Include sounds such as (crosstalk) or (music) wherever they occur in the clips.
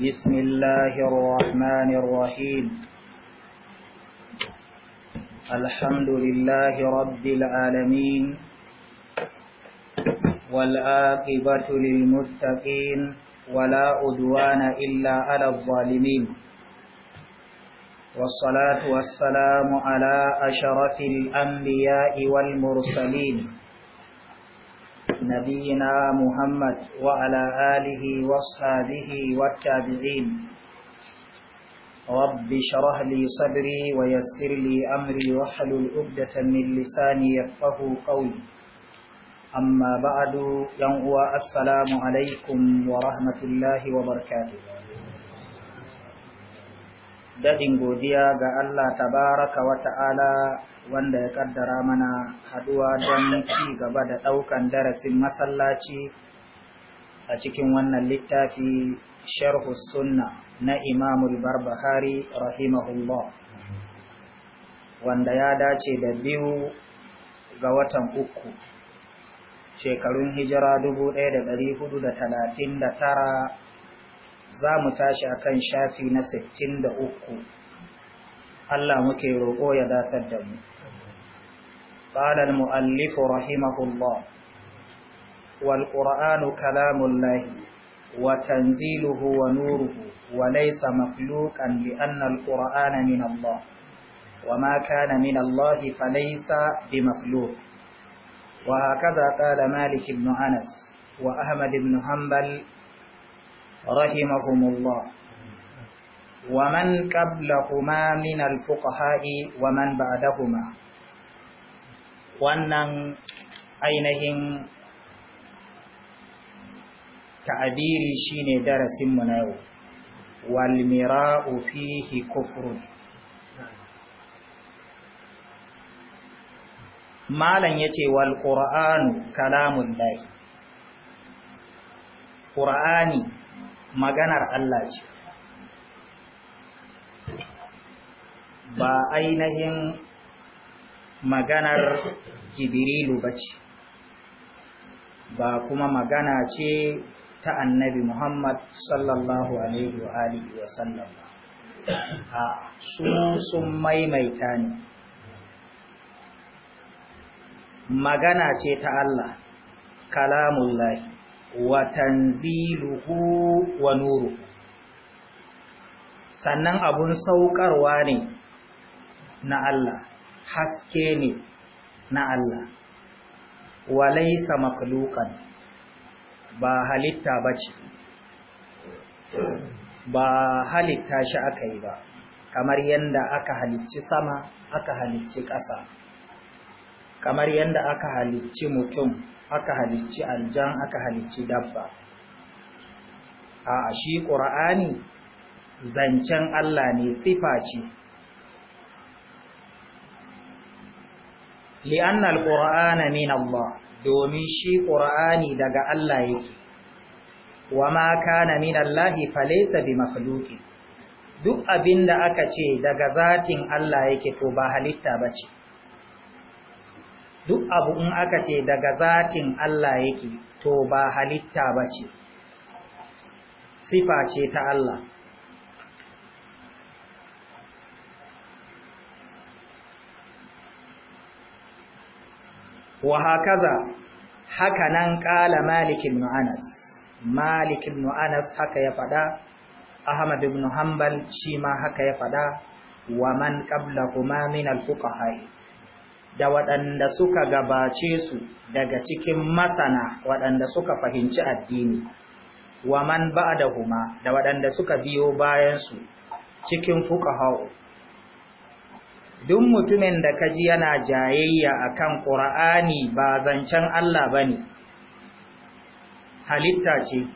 بسم الله الرحمن الرحيم الحمد لله رب العالمين والآقبة للمتقين ولا أدوان إلا على الظالمين والصلاة والسلام على أشرف الأنبياء والمرسلين نبينا محمد وعلى آله واصحابه والتابعين رب شرح لي صدري ويسر لي أمري وحلل أبدة من لساني يفقه قولي أما بعد ينقوى السلام عليكم ورحمة الله وبركاته daɗin godiya ga Allah tabaraka wa ta'ala wanda ya kaddara mana haduwa don ci gaba da daukan darasin masallaci a cikin wannan littafi sharhu sunna na imamul barbahari rahimahullah wanda ya dace da biyu ga watan uku shekarun hijira 1439 za mu tashi akan shafi na 63 Allah muke roƙo ya datar da mu قال المؤلف رحمه الله والقرآن كلام الله وتنزيله ونوره وليس مخلوقا لأن القرآن من الله وما كان من الله فليس بمخلوق وهكذا قال مالك بن أنس وأحمد بن حنبل رحمهم الله ومن قبلهما من الفقهاء ومن بعدهما wannan ainihin ta'abiri shine darasinmu na yau wal mira'u fihi kufrun malan yace wal qur'anu kalamun lahi qur'ani maganar Allah ce ba ainihin maganar jibrilu bace ba kuma magana ce ta annabi muhammad sallallahu alaihi wa alihi wa sallam a sun sun maimaita ne magana ce ta Allah kalamullahi wa tanziluhu wa nuru sannan abun saukarwa ne na Allah haske ne na Allah walaisa makhluqan ba halitta bace ba halitta shi aka yi ba kamar yanda aka halicci sama aka halicci ƙasa kamar yadda aka halicci mutum aka halicci aljan aka halicci dabba a shi ƙur'ani zancen Allah ne sifa ce li anna alqur'ana min allah domin shi qur'ani daga allah yake wama kana min allahi falaysa bimakluqin duk abinda aka ce daga zatin allah yake to ba halitta ba ce duk abu in aka ce daga zatin allah yake to ba halitta ba ce sifa ce ta allah wa hakaza haka nan ƙala malikin nu'anas malikin nu'anas haka ya faɗa ahmad ibn hanbal shi ma haka ya faɗa wa man ƙabla kuma min alfuƙahai da waɗanda suka gabace su daga cikin masana waɗanda suka fahimci addini wa man da huma da waɗanda suka biyo bayansu cikin fuqaha'u duk mutumin da ka ji yana jayayya akan ƙur'ani, ba zancen Allah bane halitta ce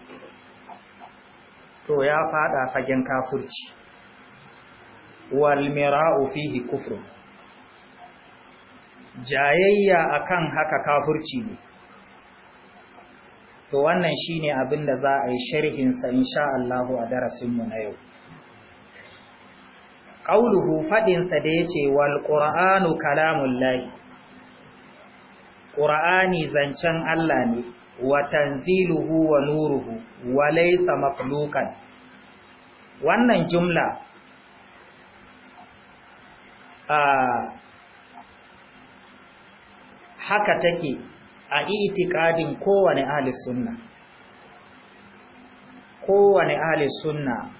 to ya fada fagen kafurci. Walmira ufihi fihi Jayayya jayayya akan haka kafurci ne to wannan shine abin da za a yi sharhinsa insha Allah a darasin mu na yau ƙauluhu faɗinsa da ya ce wal ƙura'anu kalamun layi ƙura'ani zancen Allah ne wa tanziluhu wa nuruhu wa laisa wannan jumla a haka take a itikadin kowane ahli sunna kowane ahli sunna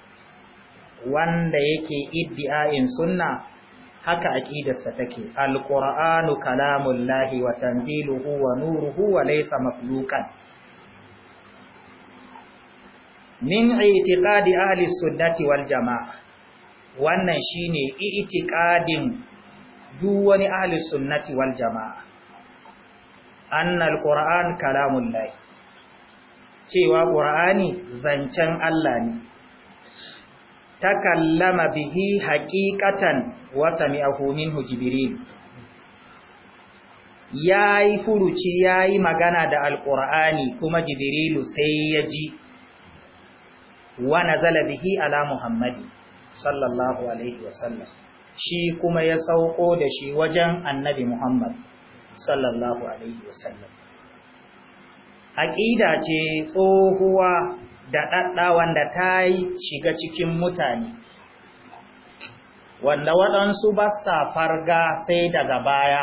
wanda yake iddi'ain sunna haka aqidarsa take alqur'anu kalamullahi wa tanziluhu wa nuruhu wa laysa makhluqan min i'tiqadi ahli sunnati wal jamaa wannan shine i'tiqadin duk wani ahli sunnati wal jamaa anna alqur'an kalamullahi cewa qur'ani zancen Allah ne takallama bihi haqiqatan wa sami'ahu minhu jibril yayi furuci yayi magana da alqur'ani kuma jibrilu sai ya ji wa nazala bihi ala muhammadi sallallahu alaihi wasallam shi kuma ya sauko da shi wajen annabi muhammad sallallahu alaihi wasallam aqida ce tsohuwa da ɗaɗɗa wanda ta yi shiga cikin mutane wanda waɗansu ba sa farga sai daga baya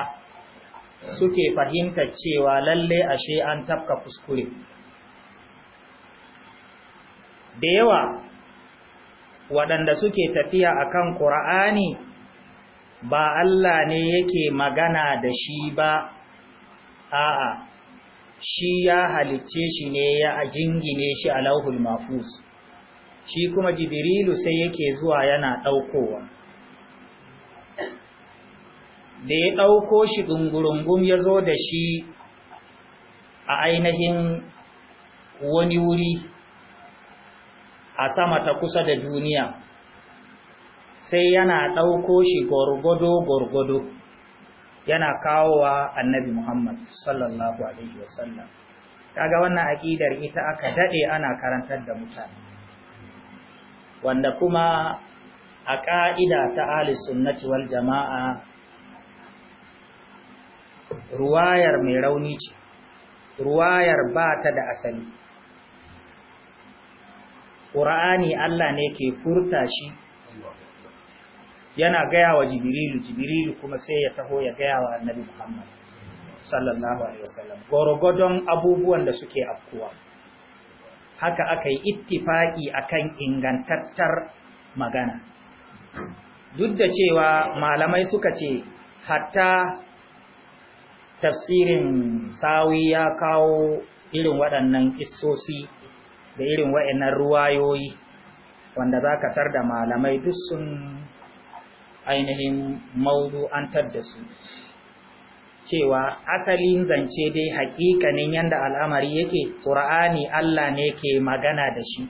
suke fahimta cewa lalle ashe an tafka kuskure da yawa waɗanda suke tafiya a kan ƙura'ani ba Allah ne yake magana da shi ba a'a shi ya halicce shi ne ya jingine shi a lauhul mafus shi kuma jibrilu sai yake zuwa yana ɗaukowa da ya ɗauko shi ɗungurungun ya zo da shi a ainihin wani wuri a sama ta kusa da duniya sai yana ɗauko shi gorgodo-gorgodo yana kawowa annabi Muhammad sallallahu alaihi wasallam kaga wannan aqidar ita aka dade ana karantar da mutane wanda kuma a ka'ida ta ahli sunnati wal jama'a ruwayar mai rauni ce ruwayar ba ta da asali Qur'ani Allah ne ke furta shi yana gaya wa jibrilu jibrilu kuma sai ya taho ya gaya wa annabi muhammad sallallahu alaihi wasallam gorogodon abubuwan da suke afkuwa haka aka yi ittifaki akan ingantattar magana duk da cewa malamai suka ce hatta tafsirin sawi ya kawo irin waɗannan kissosi da irin waɗannan ruwayoyi wanda za ka tar da malamai duk sun ainihin maudu'antar da su cewa asalin zance dai ne yadda al'amari yake ƙur'ani Allah ne ke magana da shi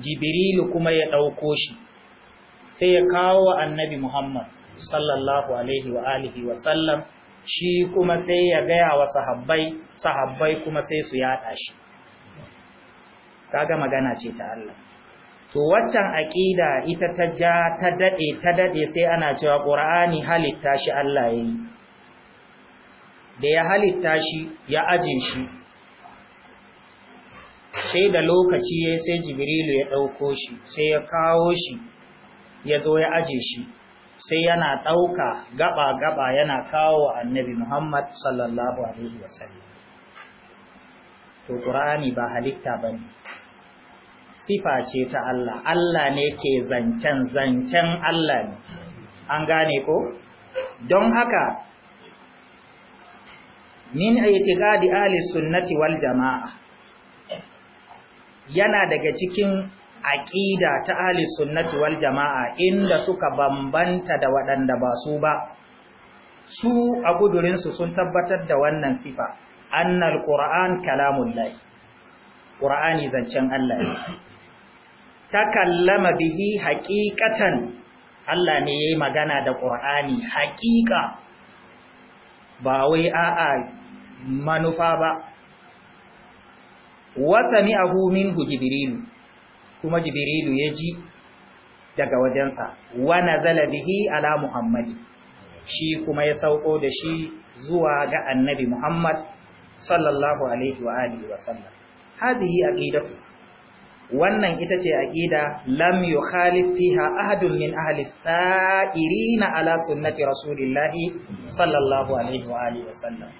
jibrilu kuma ya ɗauko shi sai ya kawo wa annabi muhammad sallallahu alaihi wa alihi wa sallam shi kuma sai ya gaya wa sahabbai sahabbai kuma sai su yaɗa shi kaga magana ce ta Allah to waccan aƙida ita ta ja ta daɗe ta dade sai ana cewa qur'ani halitta shi Allah yayi da ya halitta shi ya aje shi sai da lokaci yayi sai jibrilu ya ɗauko shi sai ya kawo shi ya zo ya aje shi sai yana ɗauka gaba gaba yana kawo annabi Muhammad sallallahu alaihi wasallam to qur'ani ba halitta bane sifa ce ta Allah Allah ne ke zancen zancen Allah ne an gane ko don haka min Ali ahli sunnati wal jamaa yana daga cikin aƙida ta ahli sunnati wal jamaa inda suka bambanta da waɗanda ba su ba su a gudurin sun tabbatar da wannan sifa annal qur'an kalamullahi qur'ani zancen Allah ne takallama bihi haqiqatan Allah ne yayi magana da Qur'ani haqiqa ba wai a'a manufa ba wa sami'ahu minhu jibril kuma jibril ya ji daga wajensa wa nazala bihi ala muhammad shi kuma ya sauko da shi zuwa ga annabi muhammad sallallahu alaihi wa alihi wa sallam hadhihi aqidatu wannan ita ce aqida lam yukhalif fiha ahadun min ahli sa'irina ala sunnati rasulillahi sallallahu alaihi wa alihi wasallam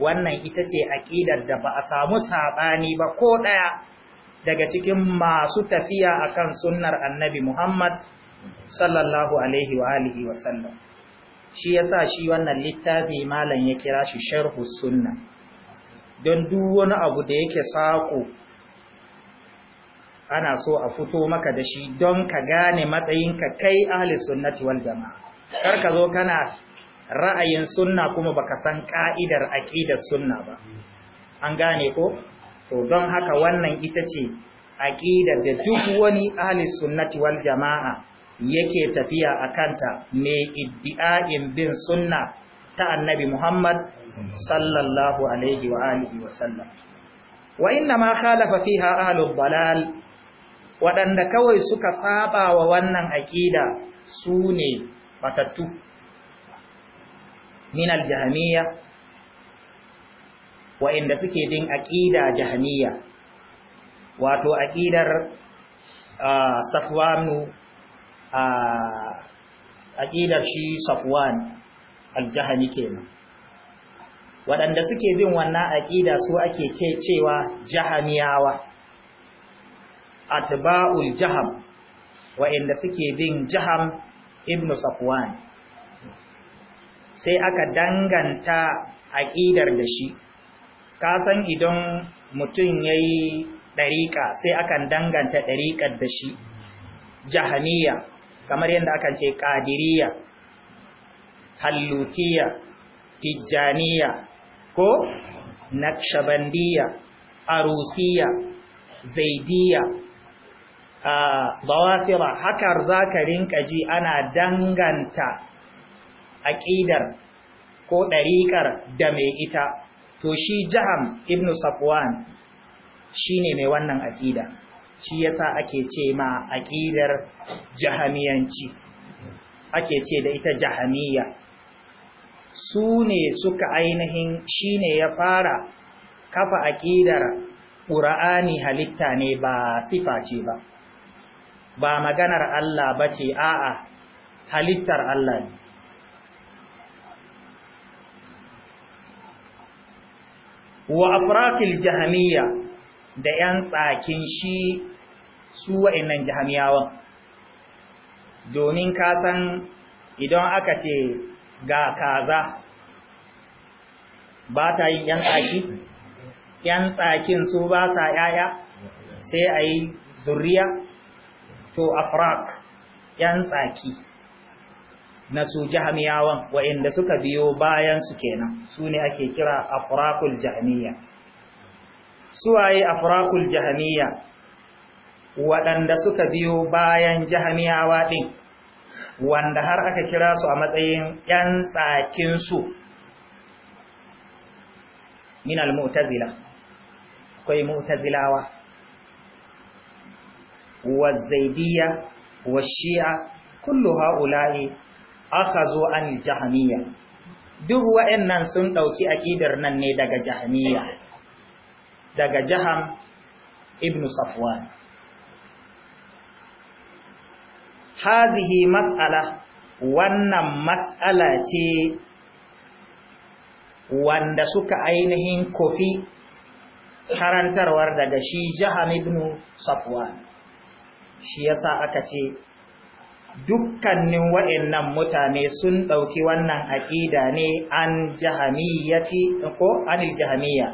wannan ita ce aqidar da ba a samu saɓani ba ko ɗaya daga cikin masu tafiya akan sunnar annabi Muhammad sallallahu alaihi wa alihi wasallam shi yasa shi wannan littafi malam ya kira shi Sharhu sunna don duk wani abu da yake saƙo. ana so a fito maka da shi don ka gane matsayinka kai ahli sunnati wal jama'a kar ka zo kana ra'ayin sunna kuma baka san ka'idar aqidar sunna ba an gane ko to don haka wannan ita ce aqidar da duk wani ahli sunnati wal jama'a yake tafiya akanta mai iddi'a'in bin sunna ta annabi Muhammad sallallahu alaihi wa alihi wa sallam wa inna ma khalafa fiha ahlul dalal waɗanda kawai suka saba wa wannan aƙida su ne batattu minal jahamiya wa'inda suke bin aƙida jahamiya wato aƙidar safwanu aƙidar shi safwan aljahani kenan waɗanda suke bin wannan aƙida su ake cewa jahamiyawa atba'ul jaham wa'inda suke bin jaham ibn safwan sai aka danganta aqidar da shi ka san idan mutum yayi dariqa sai akan danganta dariqar da shi jahamiya kamar yadda akan ce qadiriyya hallutiyya tijjaniya ko nakshabandiyya arusiya zaidiya Ah, bawasira haka za ka rinka ji ana danganta aƙidar ko ɗariƙar da mai ita to shi jaham ibn safwan shi ne mai wannan aƙida shi yasa ake ce ma aƙidar jahamiyanci ake ce da ita jahamiya su ne suka ainihin shi ne ya fara kafa aƙidar ƙura'ani halitta ne ba sifa ce ba ba maganar Allah ba ce a'a halittar Allah ne wa afrakil jahamiya da ‘yan tsakin shi su wa'innan jahamiyawan domin kasan idan aka ce ga kaza ba ta yin ‘yan tsaki ‘yan tsakin su ba sa ‘ya'ya sai a yi zuriya to afrak yan tsaki na su jahamiyawan wa'inda suka biyo bayan su kenan su ne ake kira afrakul jahamiya suwaye afrakul jahamiya waɗanda suka biyo bayan jahamiyawa ɗin wanda har aka kira su a matsayin ‘yan tsakinsu min al-mu'tazila akwai mu'tazilawa والزيدية والشيعة كل هؤلاء أخذوا عن الجهمية duk wa'annan sun ɗauki aƙidar nan ne daga jahmiya daga jaham ibn safwan hazihi mas'ala wannan mas'ala ce wanda suka ainihin kofi karantarwar daga shi jaham ibn safwan shi yasa aka ce dukkanin waɗannan mutane sun ɗauki wannan aƙida ne an jahamiyyati ko anil jahamiyya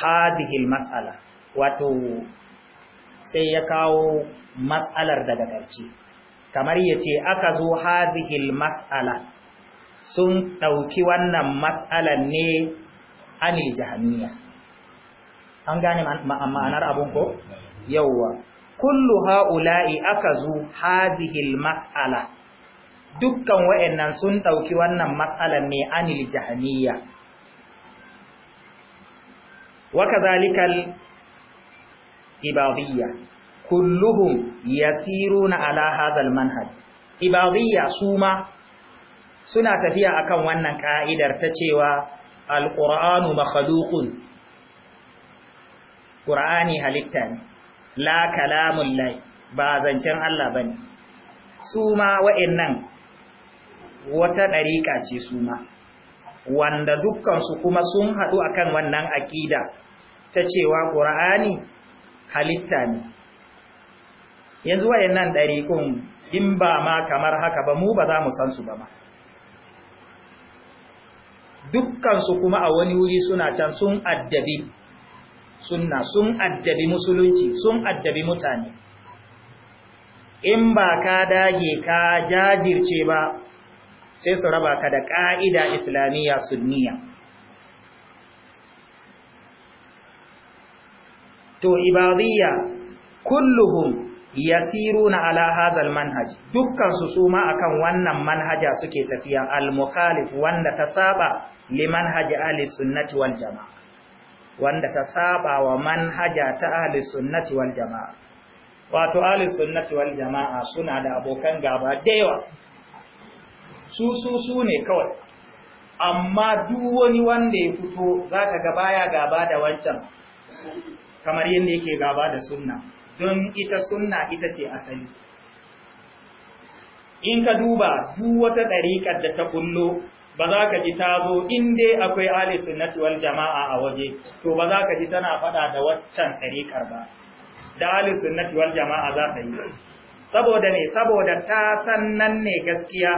hadihil mas'ala wato sai ya kawo mas'alar daga ƙarshe kamar yace aka zo hadihil mas'ala sun ɗauki wannan mas'alan ne anil jahamiyya an gane ma'anar abun ko yawwa kullu ha'ula'i aka zo hazihil mas'ala dukkan wa'yannan sun ɗauki wannan matsalan ne anil jahaniya waka zalikal ibadiyya kulluhum yasiruna ala hadhal manhaj ibadiyya suma suna tafiya akan wannan ka'idar ta cewa alqur'anu makhluqun Ƙur'ani halitta ne la kalamun lai ba zancen Allah bane. ne su ma wa'in wata ɗariƙa ce su ma wanda dukkansu kuma sun haɗu akan wannan aƙida ta cewa ƙura'ani halitta ne yanzu wa'in nan ɗariƙun in ba ma kamar haka ba mu ba za mu san su ba ma dukkansu kuma a wani wuri suna can sun addabi sunna sun addabi musulunci sun addabi mutane in ba ka dage ka jajirce ba sai su raba ka da ƙa'ida islamiyya sunniya to ibadiyya kulluhum yasiruna ala hadha manhaj dukkan su suma akan wannan manhaja suke tafiya al-mukhalif wanda ta saba liman haji ahli sunnati wal jamaa wanda ta saba wa manhaja ta ahli sunnati wal jama'a wato ahli sunnati wal jama'a suna da abokan gaba da yawa su su su ne kawai amma duk wani wanda ya fito zaka ga baya gaba da wancan kamar yadda yake gaba da sunna don ita sunna ita ce asali in ka duba duk wata dariƙar da ta kullo ba za ka ji ta zo in dai akwai ahli sunnati wal jama'a a waje to ba za ka ji tana fada da waccan tarikar ba da ahli sunnati wal jama'a za ta yi saboda ne saboda ta san nan ne gaskiya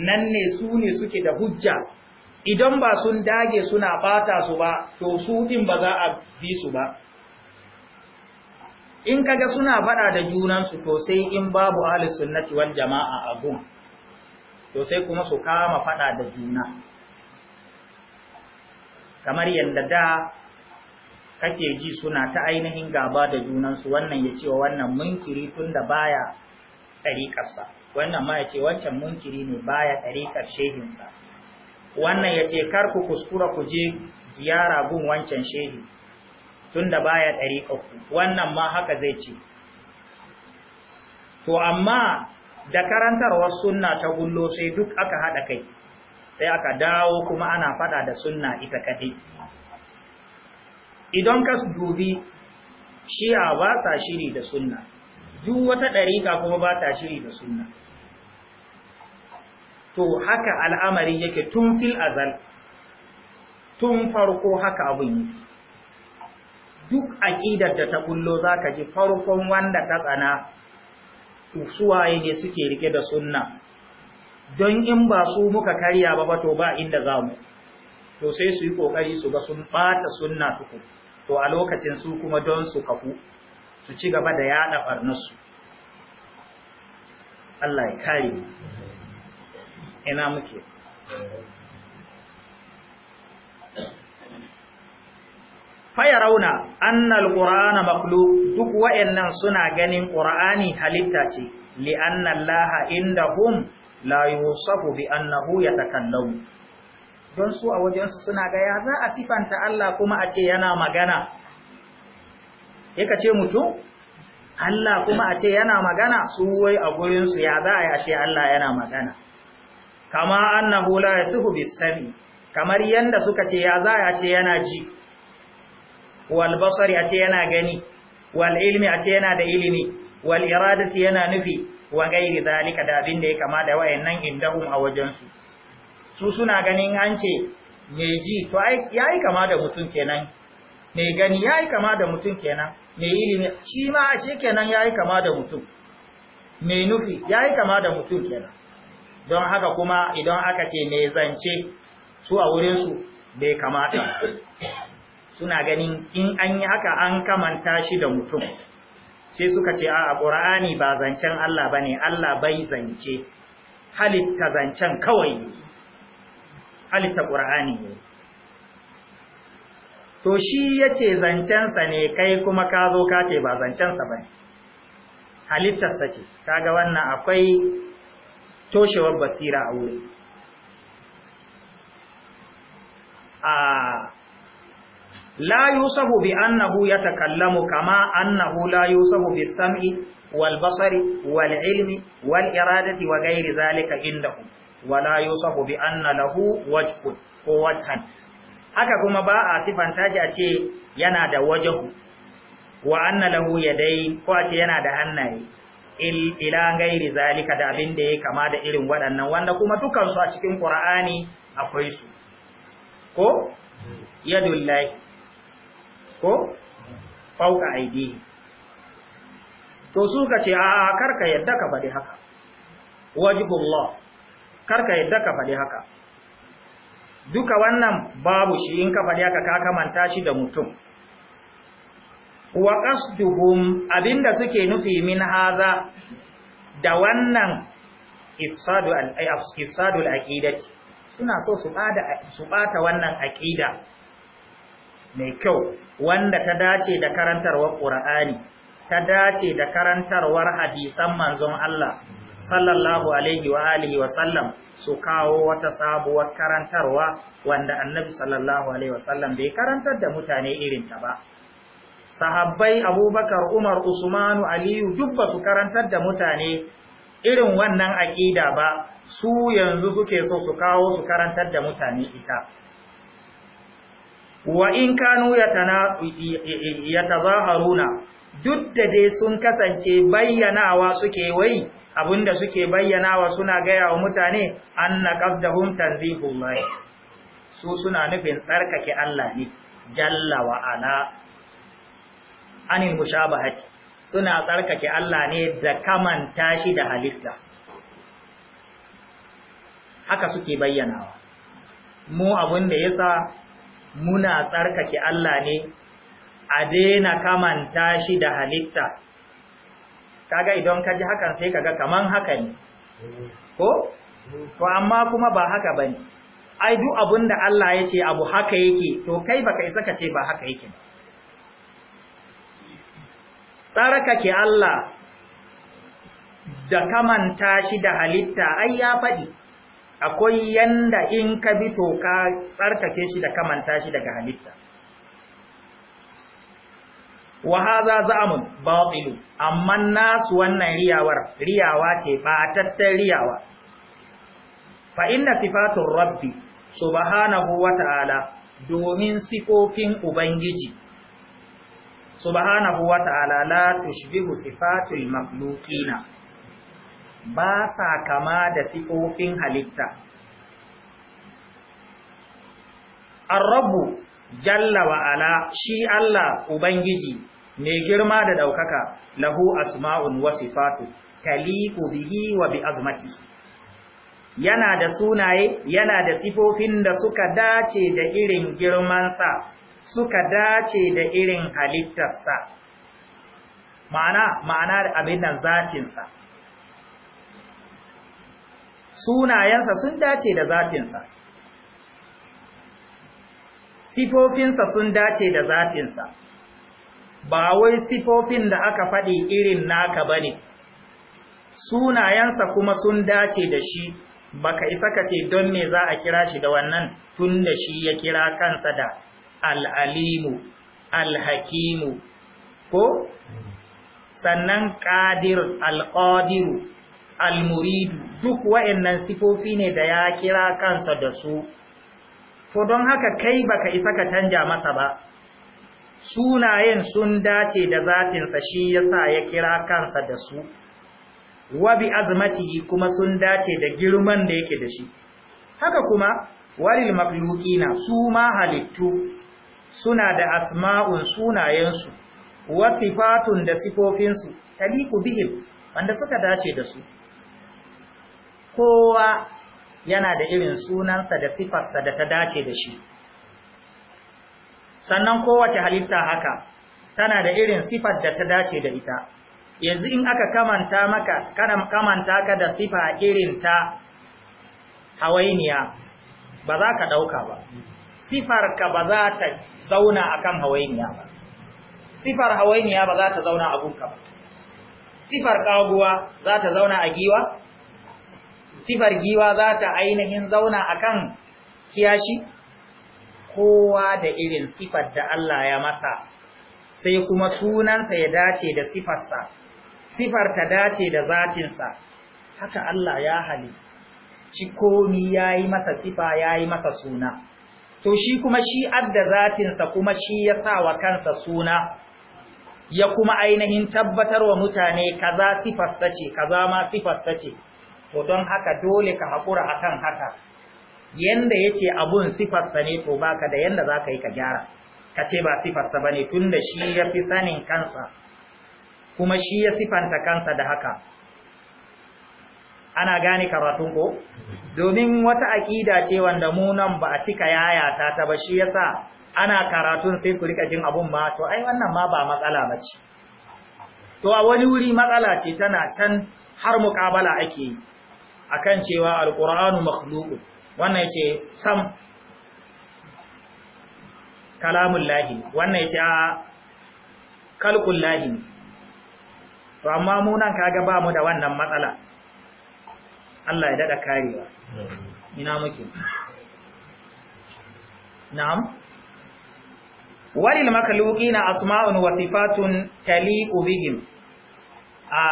nan ne su ne suke da hujja idan ba sun dage suna bata su ba to su din ba za a bi su ba in kaga suna fada da junansu to sai in babu ahli sunnati wal jama'a a gun to sai kuma su kama fada da juna kamar yadda da kake ji suna ta ainihin gaba da junansu wannan ya ce wa wannan munkiri tun da baya ɗariƙarsa wannan ma ya ce wancan munkiri ne baya ɗariƙar shehinsa wannan ya ce kar ku kuskura ku je ziyara gun wancan shehi tun da baya ku. wannan ma haka zai ce to amma da karantarwar sunna ta gullo sai duk aka haɗa kai sai aka dawo kuma ana faɗa da sunna ita kadai. idan ka dubi shi'a ba sa shiri da sunna duk wata ɗarika kuma ba ta shiri da sunna to haka al'amari yake tun fil azal tun farko haka abin yake duk aƙidar da ta gullo zaka ji farkon wanda ta tsana suwaye ne suke rike da sunna don in ba su muka karya ba to ba inda za mu to sai su yi ƙoƙari su ga sun ɓata sunna tuku to a lokacin su kuma don su kafu su ci gaba da yaɗa ɓarnarsu Allah ya kare ina muke faya rauna annal qur'ana makhluq duk wayannan suna ganin qur'ani halitta ce li anna allaha indahum la yusafu bi annahu yatakallamu don su a wajen su suna ga ya za a sifanta Allah kuma a ce yana magana yaka ce mutum Allah kuma a ce yana magana su wai a gurin su ya za a ce Allah yana magana kama annahu la yusafu bis sami kamar yanda suka ce ya za a ce yana ji wal basari a ce yana gani wal ilmi a ce yana da ilimi wal iradati yana nufi wa gairi zalika da abin da ya kama da wayannan indahum a wajensu su suna ganin an ce mai ji to yayi kama da mutum kenan mai gani yayi kama da mutum kenan mai ilimi shi ma ashe kenan yayi kama da mutum mai nufi yayi kama da mutum kenan don haka kuma idan aka ce mai zance su a wurinsu bai kamata suna ganin in an yi haka an kamanta shi da mutum sai suka ce a ƙura'ani ba zancen Allah ba ne Allah bai zance halitta zancen kawai ne halitta ƙura'ani ne to shi ya ce zancensa ne kai kuma ka zo ka ce ba zancensa ba ne halittarsa ce kaga wannan akwai toshewar basira a wuri la yusafu bi annahu yatakallamu kama annahu la yusafu bi sam'i wal basari wal ilmi wal iradati wa ghairi zalika indahu wa la yusafu bi anna lahu wajhun ko wajhan haka kuma ba a sifanta shi a ce yana da wajahu wa anna lahu yadai ko a ce yana da hannaye ila gairi zalika da abin da ya kama da irin waɗannan wanda kuma dukansu a cikin ƙura'ani akwai su ko yadullahi ko fauka aidi to su ka ce a karka yadda ka faɗi haka wajibullah karka yadda ka faɗi haka duka wannan babu shi in ka faɗi haka ka kamanta shi da mutum wa qasduhum abinda suke nufi min haza da wannan ifsadu al ifsadu al aqidati suna so su bada su bata wannan aqida mai kyau wanda ta dace da karantarwar Qur'ani ta dace da karantarwar hadisan manzon Allah sallallahu alaihi wa alihi wa sallam su kawo wata sabuwar karantarwa wanda annabi sallallahu alaihi wa sallam bai karantar da mutane irin ta ba sahabbai abubakar umar usmanu aliyu duk ba su karantar da mutane irin wannan aƙida ba su yanzu suke so su kawo su karantar da mutane ita wa in kanu ya tazaharuna duk da dai sun kasance bayyanawa suke wai abinda suke bayyanawa suna gaya wa mutane anna qafdahum mai su suna nufin tsarkake Allah ne jalla wa ala anil mushabahati suna tsarkake Allah ne da kamanta shi da halitta haka suke bayyanawa mu abinda yasa muna tsarkake Allah ne a daina kamanta shi da halitta kaga idan ka ji hakan sai kaga kaman haka ne ko to amma kuma ba haka bane ai duk abinda Allah ya ce abu haka yake to kai baka isa ka ce ba haka yake tsarkake Allah da kamanta shi da halitta ai ya faɗi akwai yanda in ka bi to ka tsarkake shi da kamanta shi daga halitta wa hadha za'mun batilu amma nasu wannan riyawar riyawa ce ba tattar riyawa fa inna sifatur rabbi subhanahu wa ta'ala domin sifofin ubangiji subhanahu wa ta'ala la tushbihu sifatul makhluqina ba sa kama da sifofin halitta Ar-Rabbu jalla wa ala shi Allah ubangiji mai girma da ɗaukaka, lahu asma'un wa sifatu kaliku bihi wa bi azmati yana da sunaye yana da sifofin da suka dace da irin girmansa suka dace da irin halittarsa ma'ana ma'ana abin nan zacinsa. sunayensa sun dace da zatinsa sifofinsa sun dace da zatinsa ba wai sifofin da aka faɗi irin naka ba ne sunayensa kuma sun dace da shi baka isa ka ce don me za a kira shi da wannan tun da shi ya kira kansa da al'alimu alhakimu ko sannan ƙadir al'adiru almuridu duk wa'annan sifofi ne da ya kira kansa da su to don haka kai baka isa ka canja masa ba sunayen sun dace da zatinsa shi yasa ya kira kansa da su Wabi azmatihi kuma sun dace da girman da yake da shi haka kuma walil makhluqina su ma halittu suna da asma'un sunayensu wa sifatun da sifofinsu taliqu bihim wanda suka dace da su kowa yana da irin sunansa da sifarsa da ta dace da shi sannan kowace halitta haka tana da irin sifar da ta dace da ita yanzu in aka kamanta maka kana kamanta ka da sifa irin ta hawainiya ba za ka dauka ba sifar ka ba za ta zauna akan hawainiya ba sifar hawainiya ba za ta zauna a ka ba sifar kaguwa za ta zauna a giwa sifar giwa za ta ainihin zauna akan kiyashi kowa da irin sifar da Allah ya masa sai kuma sunansa ya dace da sifarsa sifar ta dace da zatinsa haka Allah ya hali ci komi yi masa sifa ya yi masa suna to shi kuma shi adda zatinsa kuma shi ya sa wa kansa suna ya kuma ainihin tabbatar wa mutane kaza sifarsa ce kaza ma sifarsa ce to don haka dole ka haƙura akan haka yanda yake abun sifarsa ne to baka da yanda za ka yi ka gyara ka ce ba sifarsa ba ne tun shi ya fi sanin kansa kuma shi ya sifanta kansa da haka ana gane karatun ko domin wata aƙida ce wanda munan ba a cika yayata ta ba shi yasa ana karatun sai ku rika jin abun ma to ai wannan ma ba matsala ba ce to a wani wuri matsala ce tana can har muƙabala ake yi akan cewa alqur'anu makhluqun wannan yace sam kalamullahi wannan yace a kalqullahi to amma mu nan kaga ba mu da wannan matsala Allah ya dada karewa ina muke na'am walil makhluqina asma'un wa sifatun tali'u bihim a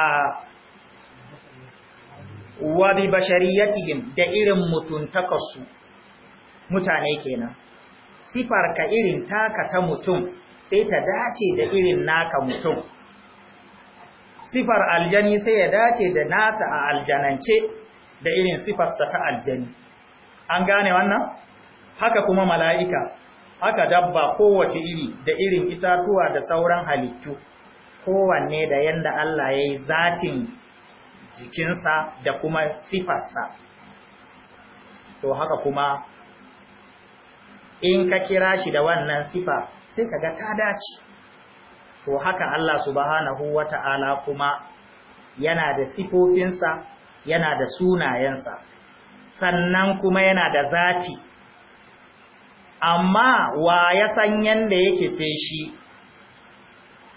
wa bi bashariyatihim da irin mutuntakarsu mutane kenan sifar ka irin taka ta mutum sai ta dace da irin naka mutum sifar aljani sai ya dace da nasa a aljanance da irin sifarsa ta aljani an gane wannan haka kuma mala'ika haka dabba kowace iri da irin itatuwa da sauran halittu kowanne da yanda Allah ya yi zatin jikinsa da kuma sifarsa to haka kuma in ka kira shi da wannan sifa sai ka ga ta dace to haka Allah subhanahu wata'ala kuma yana da sifofinsa yana da sunayensa sannan kuma yana da zati amma wa ya san yanda yake sai shi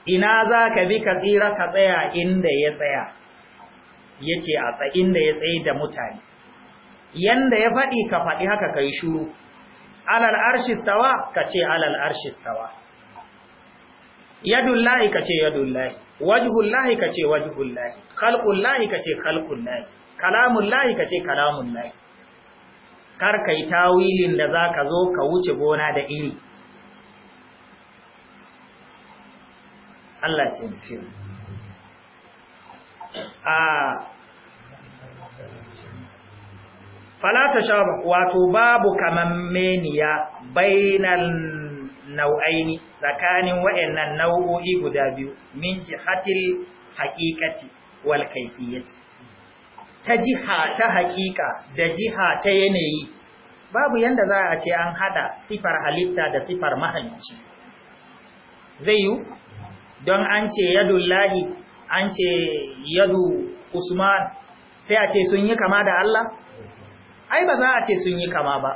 ina za ka bi ka tsira ka tsaya inda ya tsaya yace a tsayin da ya tsaye da mutane yanda ya faɗi ka faɗi haka kai shuru alal arshi tawa ka ce alal arshi tawa. yadullahi ka ce yadullahi wajhullahi ka ce wajhullahi khalqullahi ka ce khalqullahi kalamullahi ka ce kalamullahi kar kai tawilin da zaka zo ka wuce gona da iri Allah ya taimake a falata shaba wato babu kamammeniya bainan nau'aini tsakanin waɗannan nau'o'i guda biyu min jihatil haqiqati wal kayfiyati ta jiha ta haƙiƙa da jiha ta yanayi babu yanda za a ce an hada sifar halitta da sifar mahalicci zai yi don an ce yadullahi an ce yadu usman sai a ce sun yi kama da Allah ai ba za a ce sun yi kama ba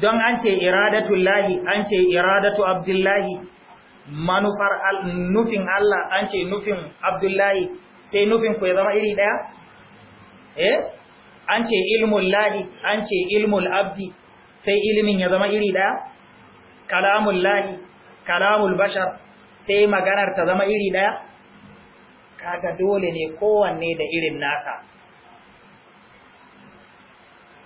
don an ce iradatu lahi an ce iradatu abdullahi manufar nufin Allah an ce nufin abdullahi sai nufin ku ya zama iri daya eh an ce ilmul lahi an ce ilmul abdi sai ilimin ya zama iri daya kalamul lahi kalamul bashar sai maganar ta zama iri ɗaya kaga dole ne kowanne da irin nasa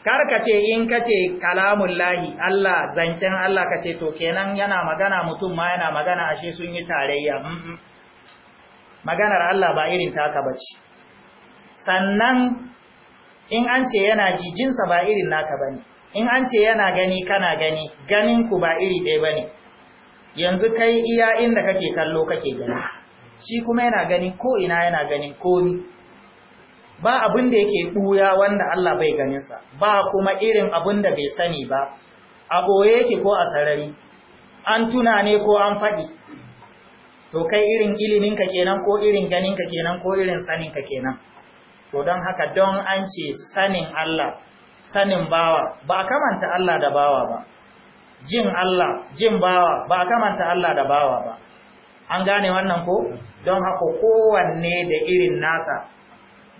karkace in kace kalamun lahi Allah zancen Allah kace to kenan yana magana mutum ma yana magana ashe sun yi tarayya maganar Allah ba irin taka bace sannan in an ce yana jijinsa ba irin naka bane in an ce yana gani kana gani ganin ku ba iri ɗaya bane yanzu kai iya inda kake kallo kake gani shi kuma yana gani ko ina yana ganin komi ba abin da yake buya wanda Allah bai ganinsa ba kuma irin abin da bai sani ba a boye yake ko a sarari an tuna ne ko an faɗi to kai irin ka kenan ko irin ganinka kenan ko irin ka kenan to don haka don an ce sanin Allah sanin bawa ba a kamanta Allah da bawa ba jin Allah jin bawa ba a kamanta Allah da bawa ba an gane wannan ko don haka kowanne da irin nasa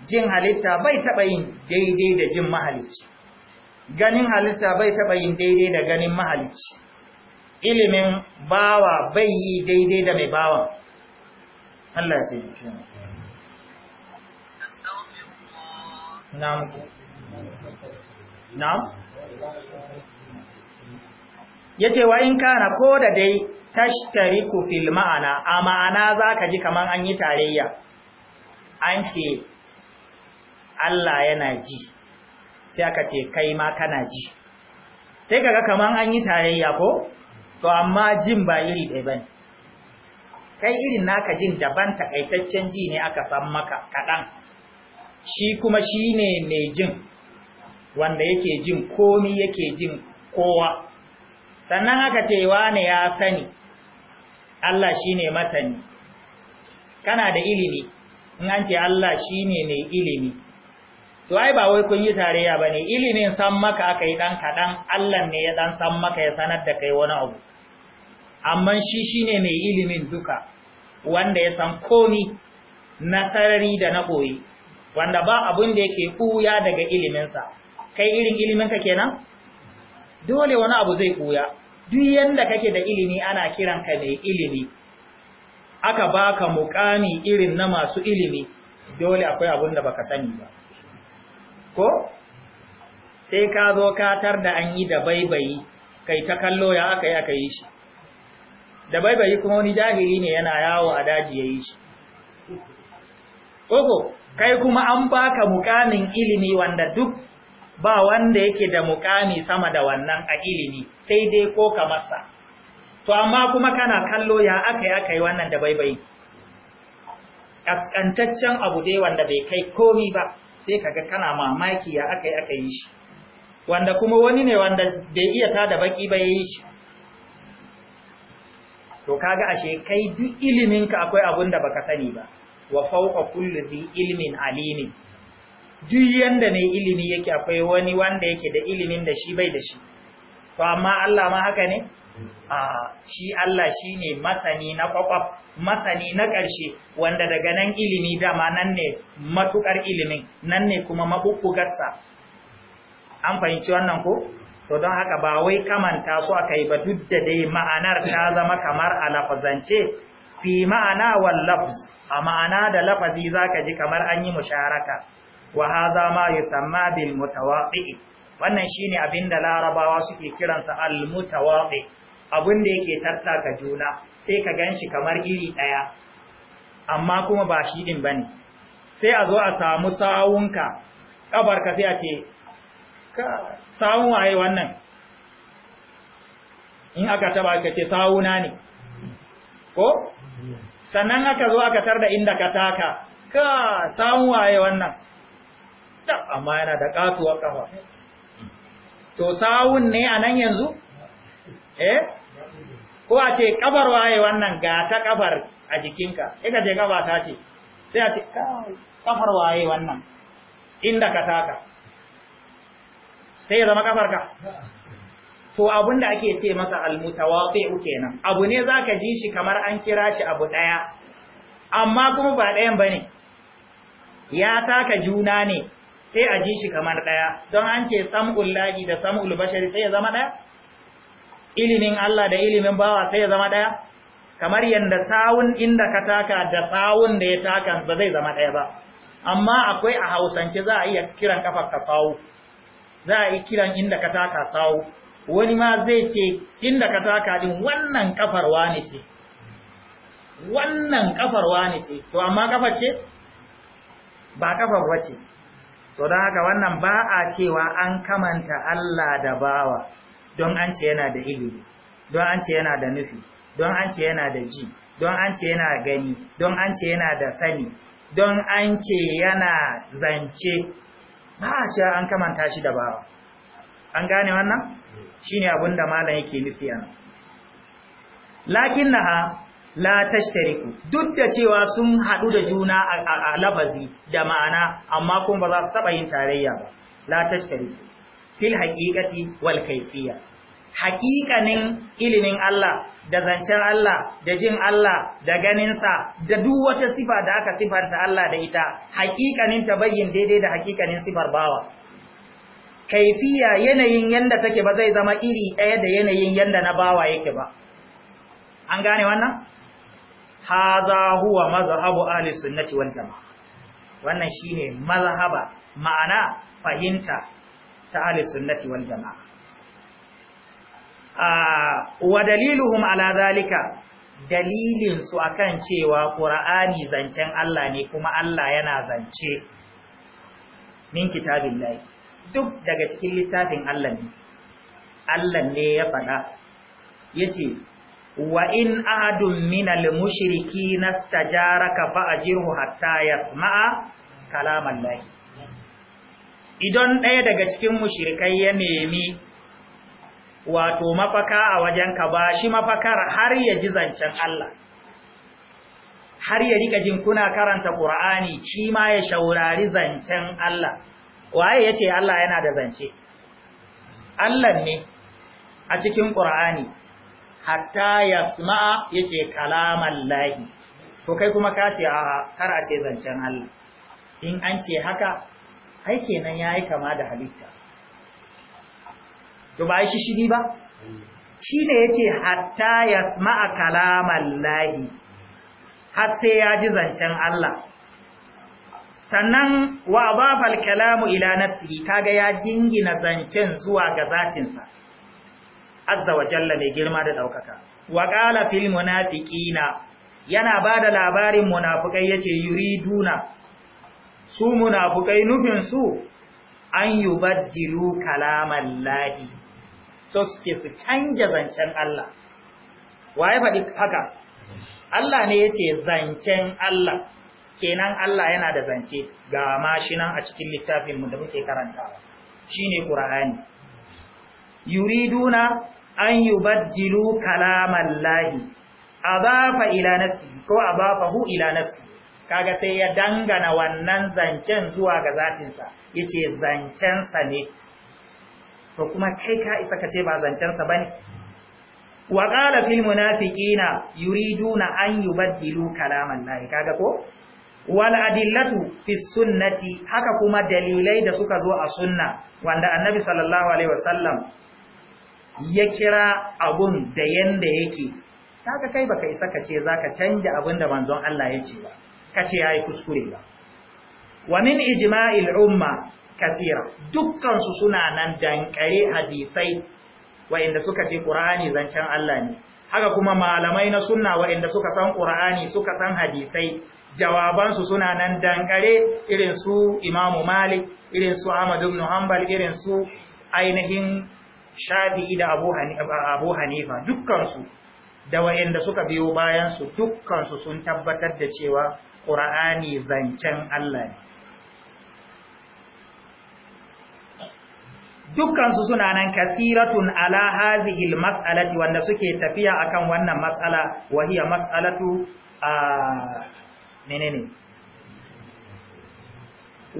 jin halitta bai taɓa yin daidai da jin mahalicci ganin halitta bai taɓa yin daidai da ganin mahalicci ilimin bawa bai yi daidai da mai bawa Allah ya ce na'am na'am ya ce wa in kana ko da dai tashtariku fil ma'ana a ma'ana za ka ji kamar an yi tarayya an ce Allah yana ji sai aka ce kai ma kana ji sai kaga kamar an yi tarayya ko to amma jin ba iri ɗaya ne. kai irin naka jin daban takaitaccen ji ne aka san maka kaɗan shi kuma shi ne mai jin wanda yake jin komi yake jin kowa sannan haka ce wane ya sani Allah shi ne masani kana da ilimi in an ce Allah shi ne mai ilimi to ai ba wai kun yi tarayya ne, ilimin san maka aka yi dan kadan Allah ne ya ɗan san maka ya sanar da kai wani abu amma shi shine mai ilimin duka wanda ya san komi na sarari da na boye wanda ba abun da yake kuya daga iliminsa kai irin iliminka kenan dole wani abu zai koya duk yanda kake da ilimi ana kiran ka mai ilimi aka baka mukami irin na masu ilimi dole akwai abun da baka sani ba ko sai ka zo katar da an yi da baibayi kai ta kallo ya aka yi aka yi shi da baibayi kuma wani jahili ne yana yawo a daji ya yi shi Koko, kai kuma an baka mukamin ilimi wanda duk ba wanda yake da mukami sama da wannan a ilimi sai dai ko kamarsa to amma kuma kana kallo ya akai akai wannan da baibai kaskantaccen abu dai wanda bai kai komi ba sai kaga kana mamaki ya akai akai yi shi wanda kuma wani ne wanda bai iya ta da baki ba yayi shi to kaga ashe kai duk iliminka akwai abun da baka sani ba wa fawqa kulli ilmin alimin duk yanda mai ilimi yake akwai wani wanda yake da ilimin da shi bai da shi to amma Allah ma haka ne a shi Allah shi ne masani na kwakwaf masani na ƙarshe wanda daga nan ilimi dama nan ne matuƙar ilimin nan ne kuma maɓuɓɓugarsa an fahimci wannan ko to don haka ba wai kamanta su aka yi ba duk da dai ma'anar ta zama kamar a lafazance fi ma'ana wal lafz a ma'ana da lafazi zaka ji kamar an yi musharaka wa hadha ma yusamma bil mutawaqi wannan shine abinda larabawa suke kiransa al mutawaqi abin da yake tattaka juna sai ka ganshi kamar iri daya amma kuma ba shi din bane sai a zo a samu sawunka kabarka sai a ce ka sawun waye wannan in aka taba ka ce sawuna ne ko sannan aka zo aka tarda inda ka taka ka sawun waye wannan amma yana da katuwar kafa to sawun ne a nan yanzu eh ko a ce kabar waye wannan ga ta kabar a jikinka sai ka je gaba ta ce sai a ce kafar waye wannan inda ka taka sai ya zama kafar ka to abinda ake ce masa almutawati'u kenan abu ne zaka ji shi kamar an kira shi abu daya amma kuma ba dayan bane ya taka juna ne sai a ji shi kamar ɗaya don an ce sam'ul lahi da sam'ul bashari sai ya zama ɗaya ilimin Allah da ilimin bawa sai ya zama ɗaya kamar yadda sawun inda ka taka da sawun da ya taka ba zai zama ɗaya ba amma akwai a hausance za a iya kiran kafar ka sawu za a iya kiran inda ka taka sawu wani ma zai ce inda ka taka din wannan kafar wani ce wannan kafar wani ce to amma kafar ce ba kafar wace to don haka wannan ba a cewa an kamanta Allah da bawa don an ce yana da ilimi don an ce yana da nufi don an ce yana da ji don an ce yana gani don an ce yana da sani don an ce yana zance ba a cewa an kamanta shi da bawa an gane wannan shine abin da malam yake nufi na ha? la tashtariku duk da cewa sun haɗu da juna a lafazi da ma'ana amma kuma ba za su taɓa yin tarayya ba la tashtariku fil haqiqati wal kayfiyya haƙiƙanin ilimin Allah da zancen Allah da jin Allah da ganin sa da duk wata sifa da aka sifarta Allah da ita haqiqanin ta bayyin daidai da haqiqanin sifar bawa kaifiya yanayin yanda take ba zai zama iri ɗaya da yanayin yanda na bawa yake ba an gane wannan haza huwa mazhabu ahli sunnati wal jamaa wannan shine mazhaba ma'ana fahimta ta ahli sunnati wal jamaa ah, wa daliluhum ala zalika dalilin su akan cewa qur'ani zancen Allah ne kuma Allah yana zance min kitabillahi duk daga cikin littafin Allah ne Allah ne ya faɗa yace wa in ahadun minal mushriki nastajaraka fa ajirhu hatta yasma'a kalaman lahi idan ɗaya daga cikin mushrikai ya nemi wato mafaka a wajenka ba shi mafakar har ya ji zancen Allah har ya rika jin kuna karanta Qur'ani shi ma ya shaurari zancen Allah waye yace Allah yana da zance Allah ne a cikin Qur'ani hatta yasma'a yace kalaman lahi to kai kuma ka ce a kar ce zancen Allah in an ce haka ai kenan yayi kama da halitta to ba shi shiri ba shine yace hatta yasma'a kalaman lahi har sai ya ji zancen Allah sannan wa adafa al-kalamu ila nafsihi kaga ya jingina zancen zuwa ga zatinsa azza wa jalla mai girma da daukaka wa qala fil munafiqina yana bada labarin munafikai yace yuriduna su munafikai nufin su an yubaddilu kalamallahi so suke su canja zancen Allah waye faɗi haka Allah ne yace zancen Allah kenan Allah yana da zance ga mashinan a cikin littafin mu da muke karantawa shine Qur'ani yuriduna an yi baddilu kalaman lahi a ila nafsi ko a hu ila nasi kaga sai ya dangana wannan zancen zuwa ga zatinsa ya ce zancensa ne to kuma kai ka isa ka ce ba zancensa ba ne wa qala fil yuridu na an yi yubaddilu kalaman lahi kaga ko wal adillatu fi sunnati haka kuma dalilai da suka zo a sunna wanda annabi sallallahu alaihi wasallam ya kira abun da yanda yake kaga kai baka isa ka ce zaka canja abun da manzon Allah ya ce ba ka ce yayi kuskure ba wa min ijma'il umma kasira dukkan su suna nan dankare hadisai wa'inda suka ce qur'ani zancen Allah ne haka kuma malamai na sunna wa'inda suka san qur'ani suka san hadisai jawabansu suna nan dankare irin su imamu malik irin su ahmad ibn hanbal irin su ainihin shafi'i da abu hanifa dukkansu da wa'inda suka biyo bayansu dukkansu sun tabbatar da cewa ƙura'ani zancen Allah ne dukkansu suna nan kasiratun ala hazihil mas'alati wanda suke tafiya akan wannan mas'ala wahiya mas'alatu a menene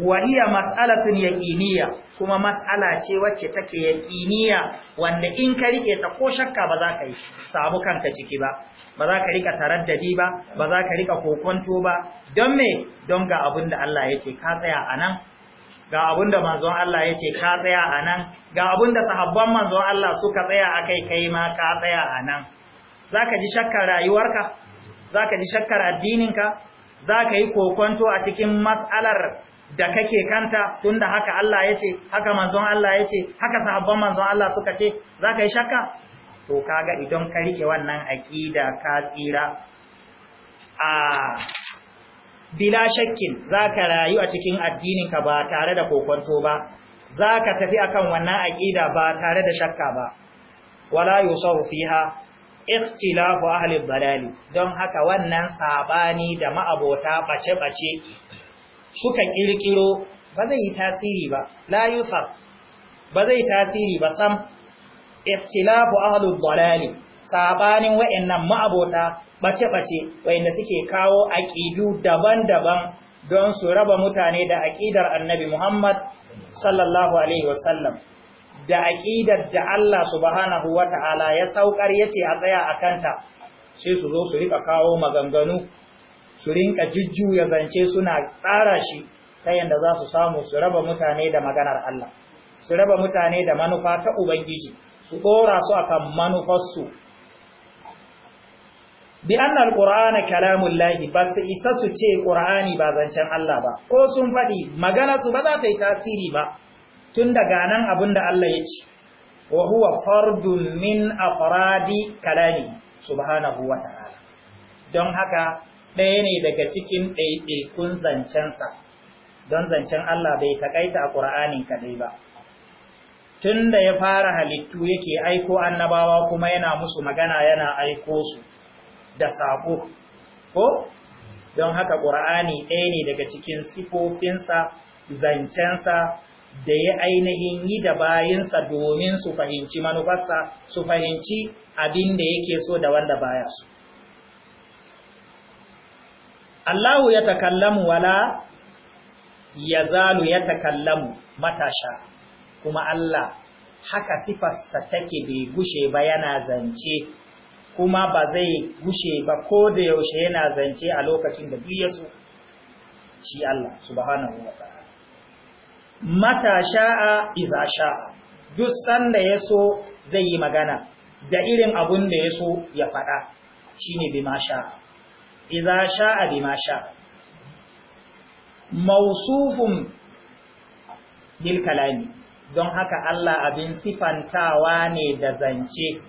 wa iya mas'alatun yaqiniya kuma mas'ala ce wacce take yaqiniya wanda in ka rike ta ko shakka ba za ka yi samu kanka ciki ba ba za ka rika taraddadi ba ba za ka rika kokonto ba don me don ga abin da Allah ce ka tsaya anan ga abin da manzon Allah ce ka tsaya anan ga abin da sahabban manzon Allah suka tsaya akai kai ma ka tsaya anan zaka ji shakkar rayuwarka zaka ji shakkar addininka zaka yi kokonto a cikin mas'alar da kake kanta tunda haka Allah ya ce haka manzon Allah ya ce haka sahabban manzon Allah suka ce za ka yi shakka to kaga idan ka rike wannan aƙida ka tsira a bila shakkin za ka rayu a cikin addininka ba tare da kokonto ba za ka tafi akan wannan aƙida ba tare da shakka ba wala yusawu fiha ikhtilafu ahli balali don haka wannan saɓani da ma'abota bace-bace suka ƙirƙiro ba zai yi tasiri ba la yusar ba zai tasiri ba sam iftilafu ahlud dalali sabanin wayannan ma'abota bace-bace wayanda suke kawo aƙidu daban-daban don su raba mutane da aƙidar annabi Muhammad sallallahu alaihi wasallam da aƙidar da Allah subhanahu wata'ala ya saukar yace a tsaya akanta sai su zo su rika kawo maganganu su rinka jujjuya zance suna tsara shi ta yadda za su samu su raba mutane da maganar Allah su raba mutane da manufa ta ubangiji su ɗora su akan manufarsu bi anna kalamun lahi ba su isa su ce ƙur'ani ba zancen Allah ba ko sun faɗi maganarsu su ba za ta yi tasiri ba tun daga nan da Allah ya ci wa huwa fardun min afradi kalami subhanahu wa ta'ala don haka ɗaya ne daga cikin ɗaiɗaikun zancensa don zancen Allah bai taƙaita a ƙura'anin kaɗai ba tun da ya fara halittu yake aiko annabawa kuma yana musu magana yana aiko su da saƙo ko don haka ƙura'ani ɗaya ne daga cikin sifofinsa zancensa da ya ainihin yi da bayinsa domin su fahimci manufarsa su fahimci abin da yake so da wanda baya su? Allahu ya takallamu wala ya zalu ya takallamu matasha, kuma Allah haka sifarsa take bai gushe ba yana zance, kuma ba zai gushe ba ko da yaushe yana zance a lokacin da duk ya shi Allah subhanahu wa ta'ala. Matasha'a iza sha'a, duk sanda ya so zai yi magana, da irin abun da ya so ya faɗa, shi ne bi ma sha'a. iza sha'a bima sha mausufun bil don haka Allah abin sifantawa ne da zance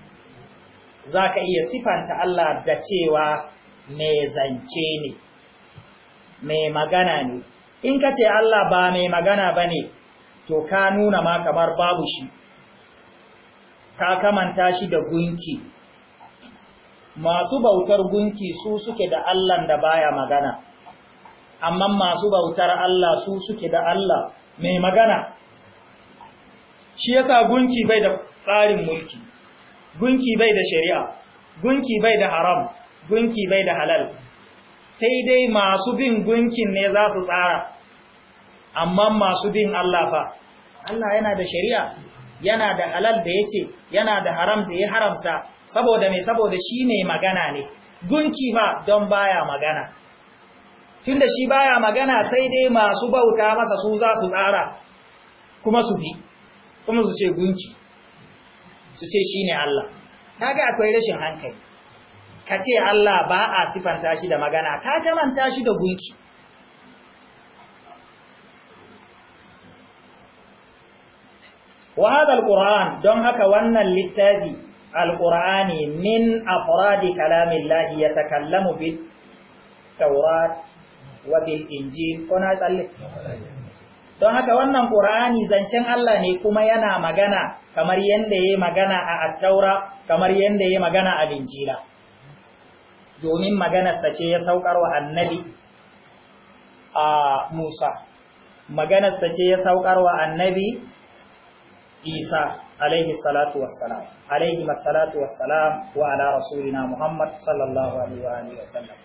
zaka iya sifanta Allah da cewa mai zance ne mai magana ne in ka ce Allah ba mai magana ba ne to ka nuna ma kamar babu shi ka kamanta shi da gunki masu bautar gunki su suke da Allah da baya magana amma masu bautar Allah su suke da Allah mai magana shi yasa gunki bai da tsarin mulki gunki bai da shari'a gunki bai da haram gunki bai da halal sai dai masu bin gunkin ne za su tsara amma masu bin Allah fa Allah yana da shari'a yana da halal da yace yana da haram da ya haramta saboda mai saboda shi mai magana ne gunki ma don baya magana tunda shi baya magana sai dai masu bauta masa su za su tsara kuma su bi kuma su ce gunki su ce shi ne Allah Ta ga akwai rashin hankali ka ce Allah ba a sifanta shi da magana ka kamanta shi da gunki wa hadal qur'an don haka wannan littafi alqur'ani min afuradi kalamin afradi kalamillahi yatakallamu bit taurat wa bil injil ko na tsalle don haka wannan ƙur'ani zancen Allah ne kuma yana magana kamar yadda ya magana a attaura kamar yadda ya magana a linjila domin maganarsa ce ya saukar wa annabi a musa maganarsa ce ya saukar wa annabi isa alaihi salatu wassalam alaihi masallatu wassalam wa ala rasulina Muhammad sallallahu alaihi wa sallam.